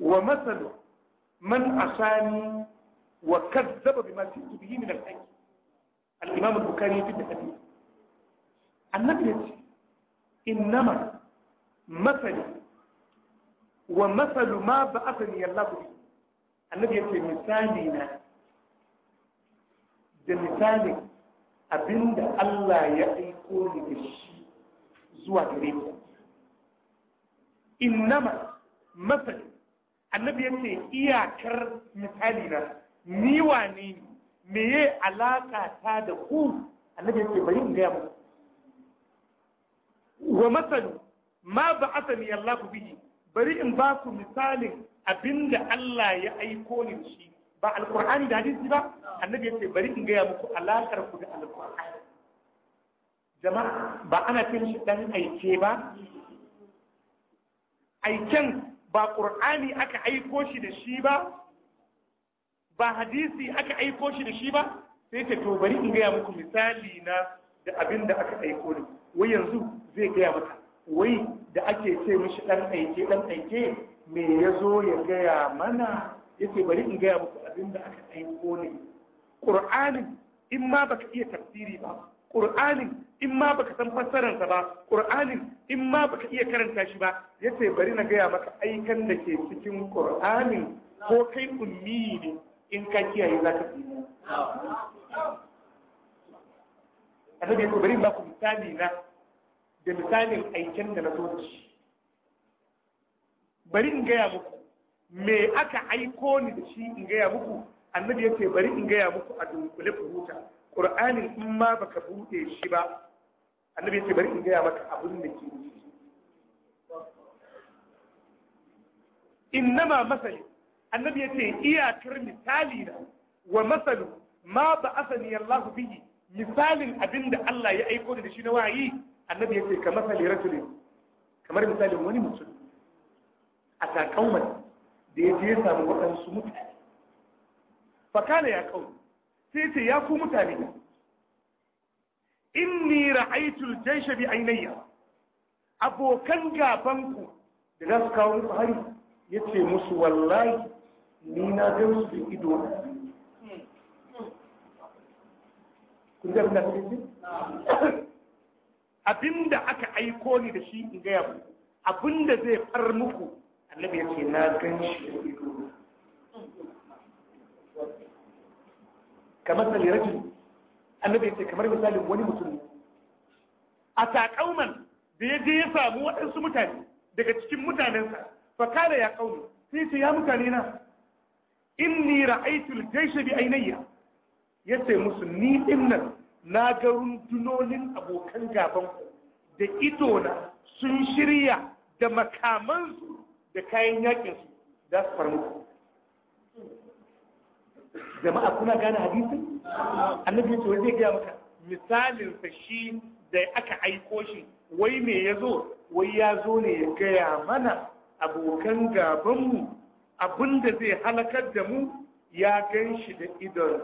wa masalu man asani wa kazzaba bima ji'tu bihi min al-haqq al-imam al-bukhari fi hadith annabi yace innama masali wa masalu ma ba'athani Allah bihi annabi yace misali na da misalin abinda Allah ya aiko ni da shi zuwa gare ku innama masali annabi yace iyakar misali na ni wane ne meye alaka ta da ku annabi yake bari in gaya muku wa masalu ma ba'athani Allahu bihi bari in ba ku misalin abinda Allah ya aiko ni shi ba alqur'ani da hadisi ba annabi yake bari in gaya muku alakar ku da alqur'ani jama'a ba ana cin shi dan aike ba aiken ba ƙur'ani aka aiko shi da shi ba ba hadisi aka aiko shi da shi ba sai ta to bari in gaya muku misali na da abin da aka aiko ne wai yanzu zai gaya maka wai da ake ce mishi ɗan aike ɗan aike me ya zo ya gaya mana ya ce bari in gaya muku abin da aka aiko ne ƙur'anin in ma baka iya tafsiri ba ƙur'anin in ma baka san fassararsa ba ƙur'anin in ma baka iya karanta shi ba yace bari na gaya maka aikan da ke cikin ƙur'anin ko kai ummi ne in ka kiyaye za ka tsira annabi yace bari ba ku misali na da misalin aikin da na zo shi bari in gaya muku me aka aiko ni da shi in gaya muku annabi yace bari in gaya muku a dunkule ku huta ƙur'anin in ma baka buɗe shi ba annabi ya ce bari in gaya maka abin da ke ciki innama masali annabi ya ce iyakar misali na wa masalu ma ba asani Allah bihi misalin abin da Allah ya aiko da shi na wayi annabi ya ce ka masali rajulin kamar misalin wani mutum a taƙauman da ya je samu wadansu mutane kana ya kauna sai ce ya ku mutane inni raaitul jaysha bi aynayya abokan gabanku da za su kawo muku hari yace musu wallahi ni na ga su da ido kun da aka aiko ni da shi in ga abin abinda zai far muku annabi yace na gan kamar sali rajul annabi ya ce kamar misalin wani mutum a taƙauman da ya je ya samu waɗansu mutane daga cikin mutanensa fa kana ya ƙauni sai ce ya mutane na inni al-jaysh bi aynayya yace musu ni din nan na ga rundunonin abokan gaban ku da ido na sun shirya da makamansu da kayan yakin su da su farmu
jama'a kuna gane hadisin
annabi ce wai zai gaya maka misalin sa shi da aka aiko shi wai me ya zo wai ya zo ne ya gaya mana abokan gabanmu abinda zai halakar da mu ya gan shi da idon.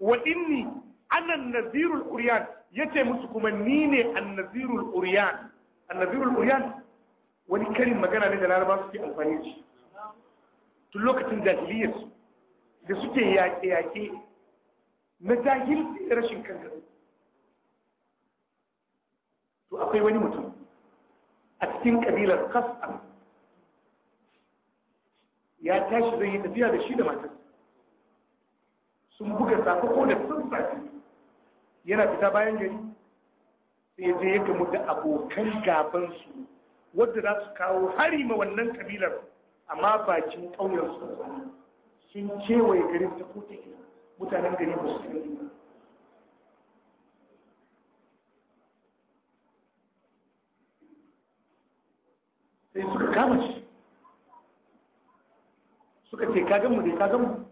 wa inni ana nazirul ya yace musu kuma ni ne annazirul uryan annazirul uryan wani karin magana ne da larabawa suke amfani da shi tun lokacin jahiliyarsu da suke yaƙe-yaƙe na jahil rashin kan to akwai wani mutum a cikin ƙabilar kasar ya tashi zai yi tafiya da shi da matan? sun buga safa ko da sun safi yana fita bayan gari sai je ya gamu da abokan gabansu wadda za su kawo hari ma wannan ƙabilar amma bakin ƙauyen su sun kewaye garin ta kuta mutanen gari ba su gani sai suka kama shi suka ce kagan mu dai kagan mu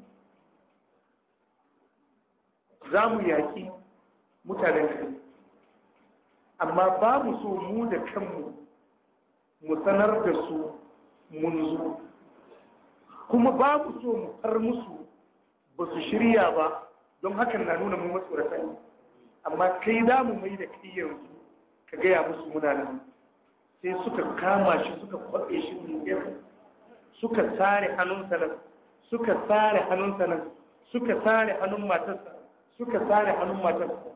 za mu yaƙi mutanen gari amma babu so mu da kanmu mu sanar da su منذ kuma ba ku so mu far musu ba su shirya ba don hakan na nuna mu matsorata ne amma kai za mu mai da kai yanzu ka gaya musu muna nan sai suka kama shi suka kwaɓe shi ɗin suka sare hannun sanar suka sare hannun nan suka sare hannun matarsa suka sare hannun matarsa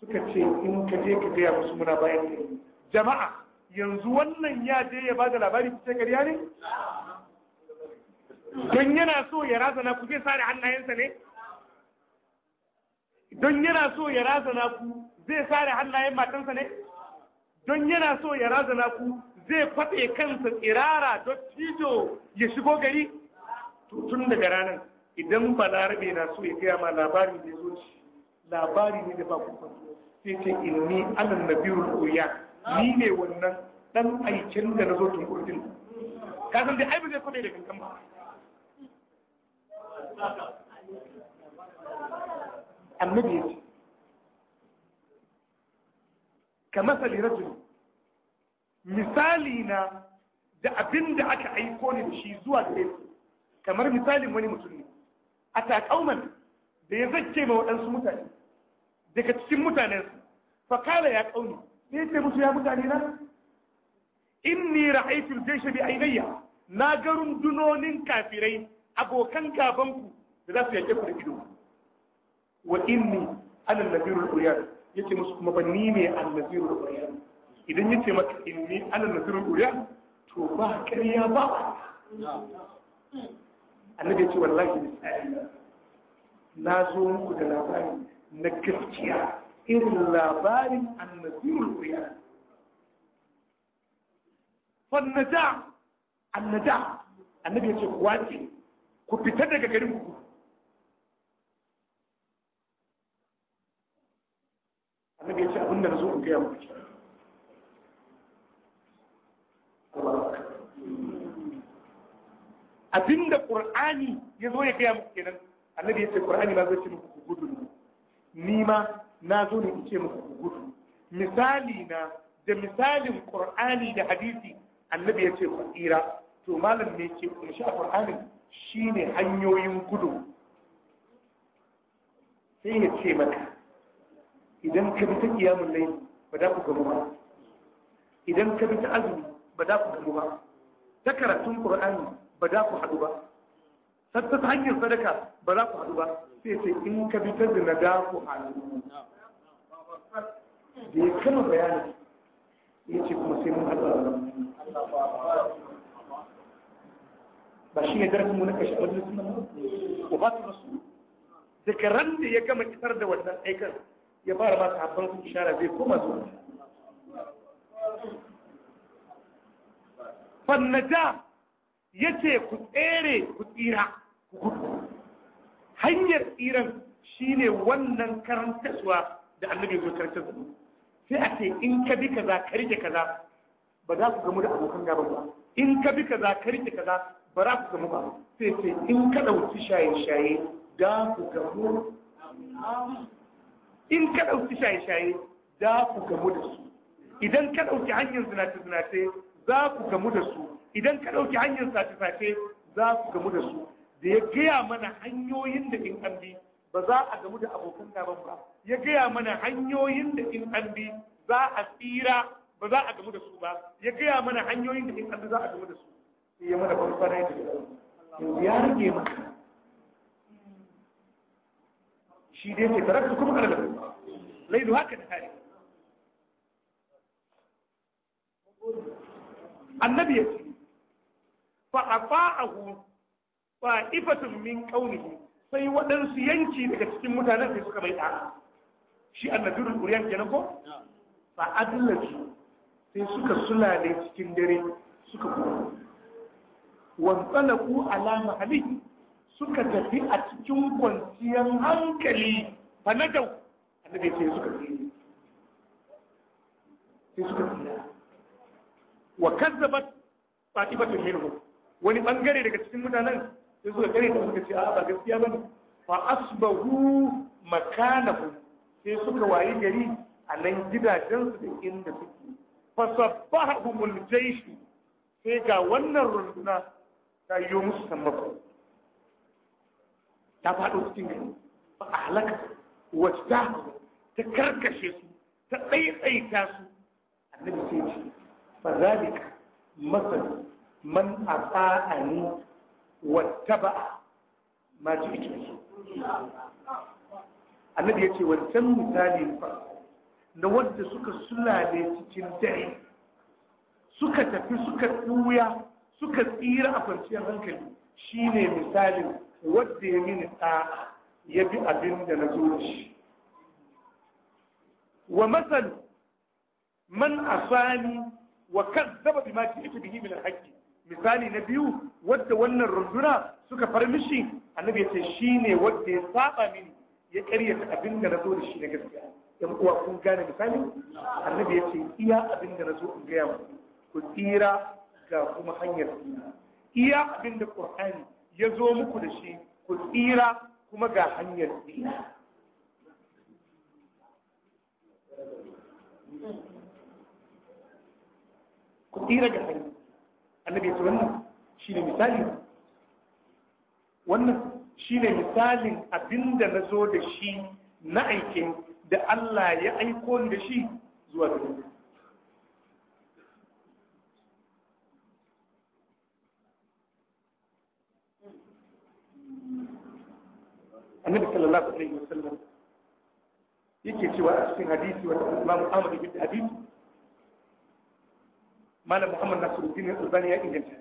suka ce in ka je ka gaya musu muna bayan jama'a yanzu wannan ya je ya ba da labari ku ce ne don yana so ya razana ku zai sare hannayensa ne don yana so ya razana ku zai sare hannayen matansa ne don yana so ya razana ku zai kwafe kansa tsirara don tito ya shigo gari tun daga ranar idan balarabe na so ya gaya ma labari ne zo labari ne da ba ku sai ce ilmi alan nabiyul uyan ni ne wannan dan aikin da na zo tun kurdin ka san dai ai ba zai kome da kankan ba annabi ya ce ka masali rajul misali na da abin da aka aiko ni da shi zuwa gare kamar misalin wani mutum ne a takauman da ya zace ma waɗansu mutane daga cikin mutanensu fakala ya ƙauni sai ce musu ya buga ni na inni ra'aytul jaysha bi aynayya na ga rundunonin kafirai abokan gabanku da za su yake ku da ido wa inni ana nazirul uryan yake musu kuma ban ni ne an nazirul uryan idan yace maka inni ana nazirul uryan to ba kariya ba
annabi ce, wallahi
na zo muku da labari na gaskiya irin labarin annabiyul wuya fannata annata annabi ya ce ku wace ku fita daga garin ku annabi ya ce abin da na zo in gaya muku abinda qur'ani ya zo ya gaya muku kenan annabi ya ce qur'ani ma zai ce muku gudun ni ma na zo ne in ce muku gudu misali na da misalin qur'ani da hadisi annabi ya ce ku to malam ne ce in sha qur'ani shine hanyoyin gudu sai ya ce maka idan ka bi ta kiyamun layl ba za ku gamu ba idan ka bi ta azumi ba za ku gamu ba ta karatun qur'ani ba za ku haɗu ba ta hanyar sadaka ba za ku haɗu ba sai ce in ka bi ta zina da ku haɗu da ya kama bayani ya ce kuma sai mun haɗu ba shi ne darasin mu na kashe wajen suna ba ba su rasu daga ran da ya gama isar da wannan aikar ya fara ba su habban su ishara zai koma zuwa fannaja ya ce ku tsere ku tsira ku gudu hanyar tsiran ne wannan karanta karantaswa da annabi ya karantar da mu sai a ce in ka bi kaza ka rike kaza ba za ku gamu da abokan gaba ba in ka bi kaza ka rike kaza ba za ku gamu ba sai ce in ka ɗauki shaye-shaye da ku gamu in ka ɗauki shaye-shaye za ku gamu da su idan ka ɗauki hanyar zinace-zinace za ku gamu da su idan ka ɗauki hanyar sace-sace za ku gamu da su da ya gaya mana hanyoyin da in an bi ba za a gamu da abokan gaban ba ya gaya mana hanyoyin da in an bi za a tsira ba za a gamu da su ba ya gaya mana hanyoyin da in an bi za a gamu da su sai ya mana farko da ya rage maka shi dai ce su kuma alal laidu haka da kare annabi ya ce fa afa'ahu fa ifatun min qaumihi sai waɗansu yanki daga cikin mutanen sai suka bai ɗaya shi annabirul uriyan kenan ko Ba adlaji sai suka sulale cikin dare suka kuma wantsalaku alama hali suka tafi a cikin kwanciyar hankali ba na dau annabi sai suka tsira sai suka tsira wa kazzabat fatibatun minhu wani bangare daga cikin mutanen sai suka kare da suka ce a ba gaskiya ba bane fa asbahu makanahu sai suka wayi gari a nan gidajen su da inda suke fa sabbahumul jaysh sai ga wannan runduna ta yi musu sammako ta faɗo cikin gari fa ahlaka wajta ta Ta karkashe su ta ɗaiɗaita su annabi sai ce fa zalika masal man a asa'ani wattaba ma ji ita annabi ya ce wancan misali fa na wanda suka sulale cikin dare suka tafi suka tsuya suka tsira a kwanciyar hankali shine misalin wadda ya mini ɗa'a ya bi abin da na zo shi wa matsal man asani wa kazzaba bima ji'tu bihi min haƙƙi. misali na biyu wadda wannan runduna suka far mishi annabi ya ce shi ne wadda ya saba mini ya karyata abin da na zo da shi na gaskiya ɗan uwa kun gane misali annabi ya ce iya abin da na zo in gaya mu ku tsira ga kuma hanyar tsira iya abin da qur'ani ya zo muku da shi ku tsira kuma ga hanyar tsira ku tsira ga hanyar annabi ya ce wannan shine misali wannan shine misalin abinda na zo da shi na aikin da Allah ya aiko ni da shi zuwa da annabi sallallahu alaihi wasallam yake cewa a cikin hadisi wata imam Ahmad ibn Abi malam muhammad nasiruddin al-albani ya inganta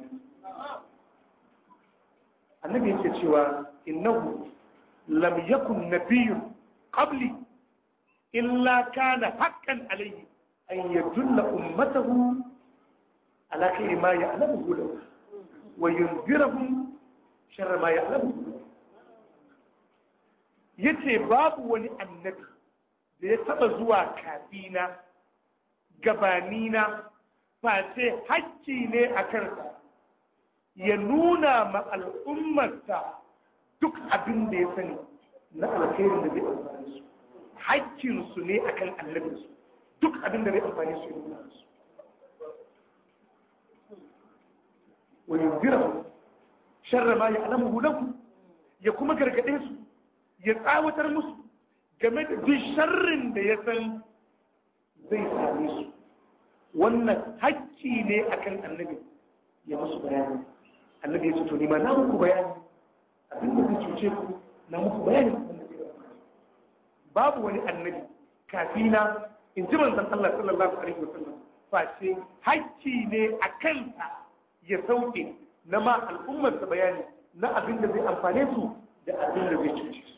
annabi yake cewa innahu lam yakun nabiyyun qabli illa kana haqqan alayhi an yadulla ummatahu ala khayri ma ya'lamuhu lahu wa yunzirahum sharra ma ya'lamuhu yace babu wani annabi da ya taba zuwa kafina gabanina face hakki ne a kansa ya nuna ma al'ummarsa duk abin da ya sani na alkhairin da zai amfani su hakkinsu ne a kan allabinsu duk abin da zai amfani su ya nuna su wani zira sharra ma ya alamu hulanku ya kuma gargaɗe su ya tsawatar musu game da duk sharrin da ya san zai same su wannan hakki ne akan annabi ya musu bayani annabi ya to ni ma na muku bayani abin da zai cuce ku na muku bayani babu wani annabi kafina in ji manzon Allah sallallahu alaihi wasallam face hakki ne a sa ya sauke na ma al'ummar sa bayani na abin da zai amfane su da abin da zai cuce su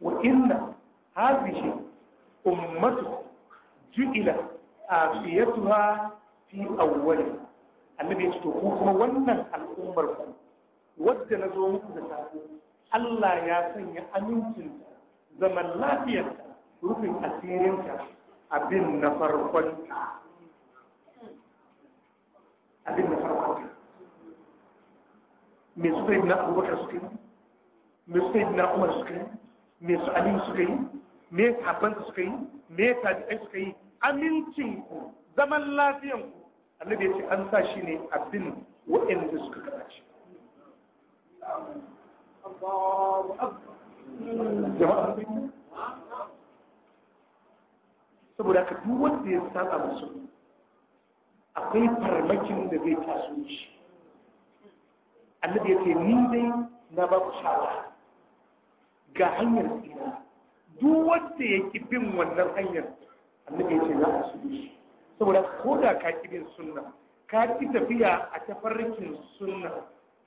wa inna hazihi ummatu ju'ila afiyatuha fi awwali annabi ya ce to ku kuma wannan al'ummar ku wadda na zo muku da sabo Allah ya sanya amincin zaman lafiyar rufin asirinta abin na farkon abin na farkon me su kai na abubakar suka yi me su kai na umar suka yi me su aliyu suka yi me sahabbansa suka yi me tabi'ai suka yi amincinku zaman lafiyanku annabi ya ce an sa shi ne abin wa'anda suka karace saboda ka duk wanda ya saba musu akwai farmakin da zai taso shi annabi ya ce ni dai na ba ku shawara ga hanyar tsira duk wanda ya ki bin wannan hanyar annabi ce za a shige shi saboda ko da ka ƙi bin sunna ka ki tafiya a tafarkin sunna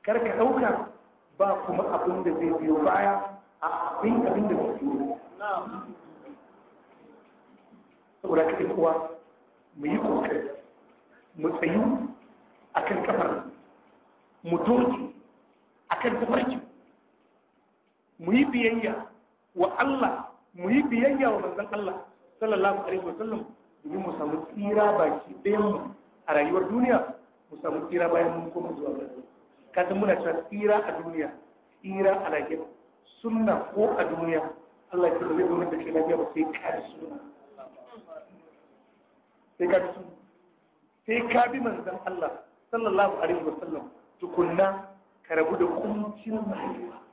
kar ka dauka ba kuma abin da zai biyo baya a abin abin da zai biyo saboda ka ɗin kuwa mu yi ƙoƙari, mu tsayu a kan kafar mu doki a kan tafarki mu yi biyayya wa Allah mu yi biyayya wa manzon Allah sallallahu alaihi wasallam domin mu samu tsira baki ɗayan mu a rayuwar duniya mu samu tsira bayan mun koma zuwa ga ka muna cewa tsira a duniya tsira a lahira sunna ko a duniya Allah ya zai zo da ke lafiya ba sai ka suna. sunna sai ka ji sai ka bi manzon Allah sallallahu alaihi wasallam tukunna ka rabu da kuncin rayuwa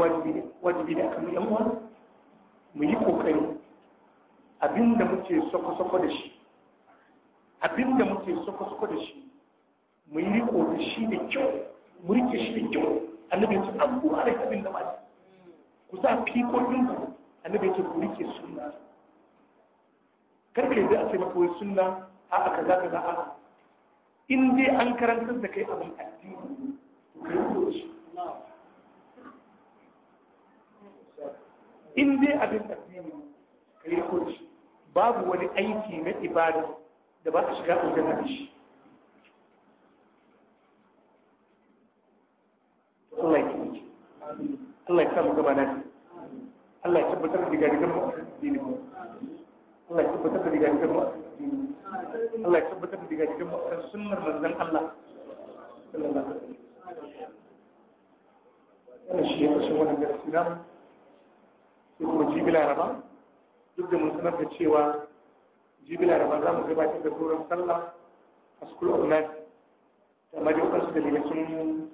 wajibi ne wajibi ne akan yan uwa mu yi kokari abinda muke sako-sako da shi abinda muke sako-sako da shi mu yi riko da shi da kyau mu rike shi da kyau annabi ya ce an buwa da kabin da mace ku sa fikokin ku annabi ya ce ku rike suna, karka yadda a ce maka wai suna a a kaza kaza a in dai an karantar da kai abin addini to kai ku shi in dai abin addini ka yi kurci babu wani aiki na ibada da ba ka shiga aljanna da shi Allah ya kiyaye Allah ya sa mu gaba nan Allah ya tabbatar da gidan mu addini mu Allah ya tabbatar da gidan mu addini Allah ya tabbatar da gidan mu sunnar manzon Allah
sallallahu alaihi wasallam wannan shi ya kashe wannan
gaskiya kuma jibi raba duk da mun sanar da cewa jibi raba za mu gabatar da sauran sallah a school of life amma dai wasu dalilai sun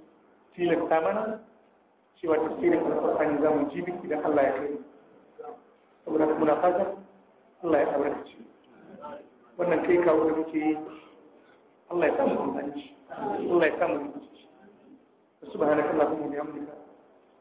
tilasta mana cewa kuma alƙur'ani za mu jibi idan Allah ya kai saboda muna fata Allah ya shi wannan kai kawo da muke yi Allah ya samu amfani Allah ya samu amfani subhanaka allahumma wa bihamdika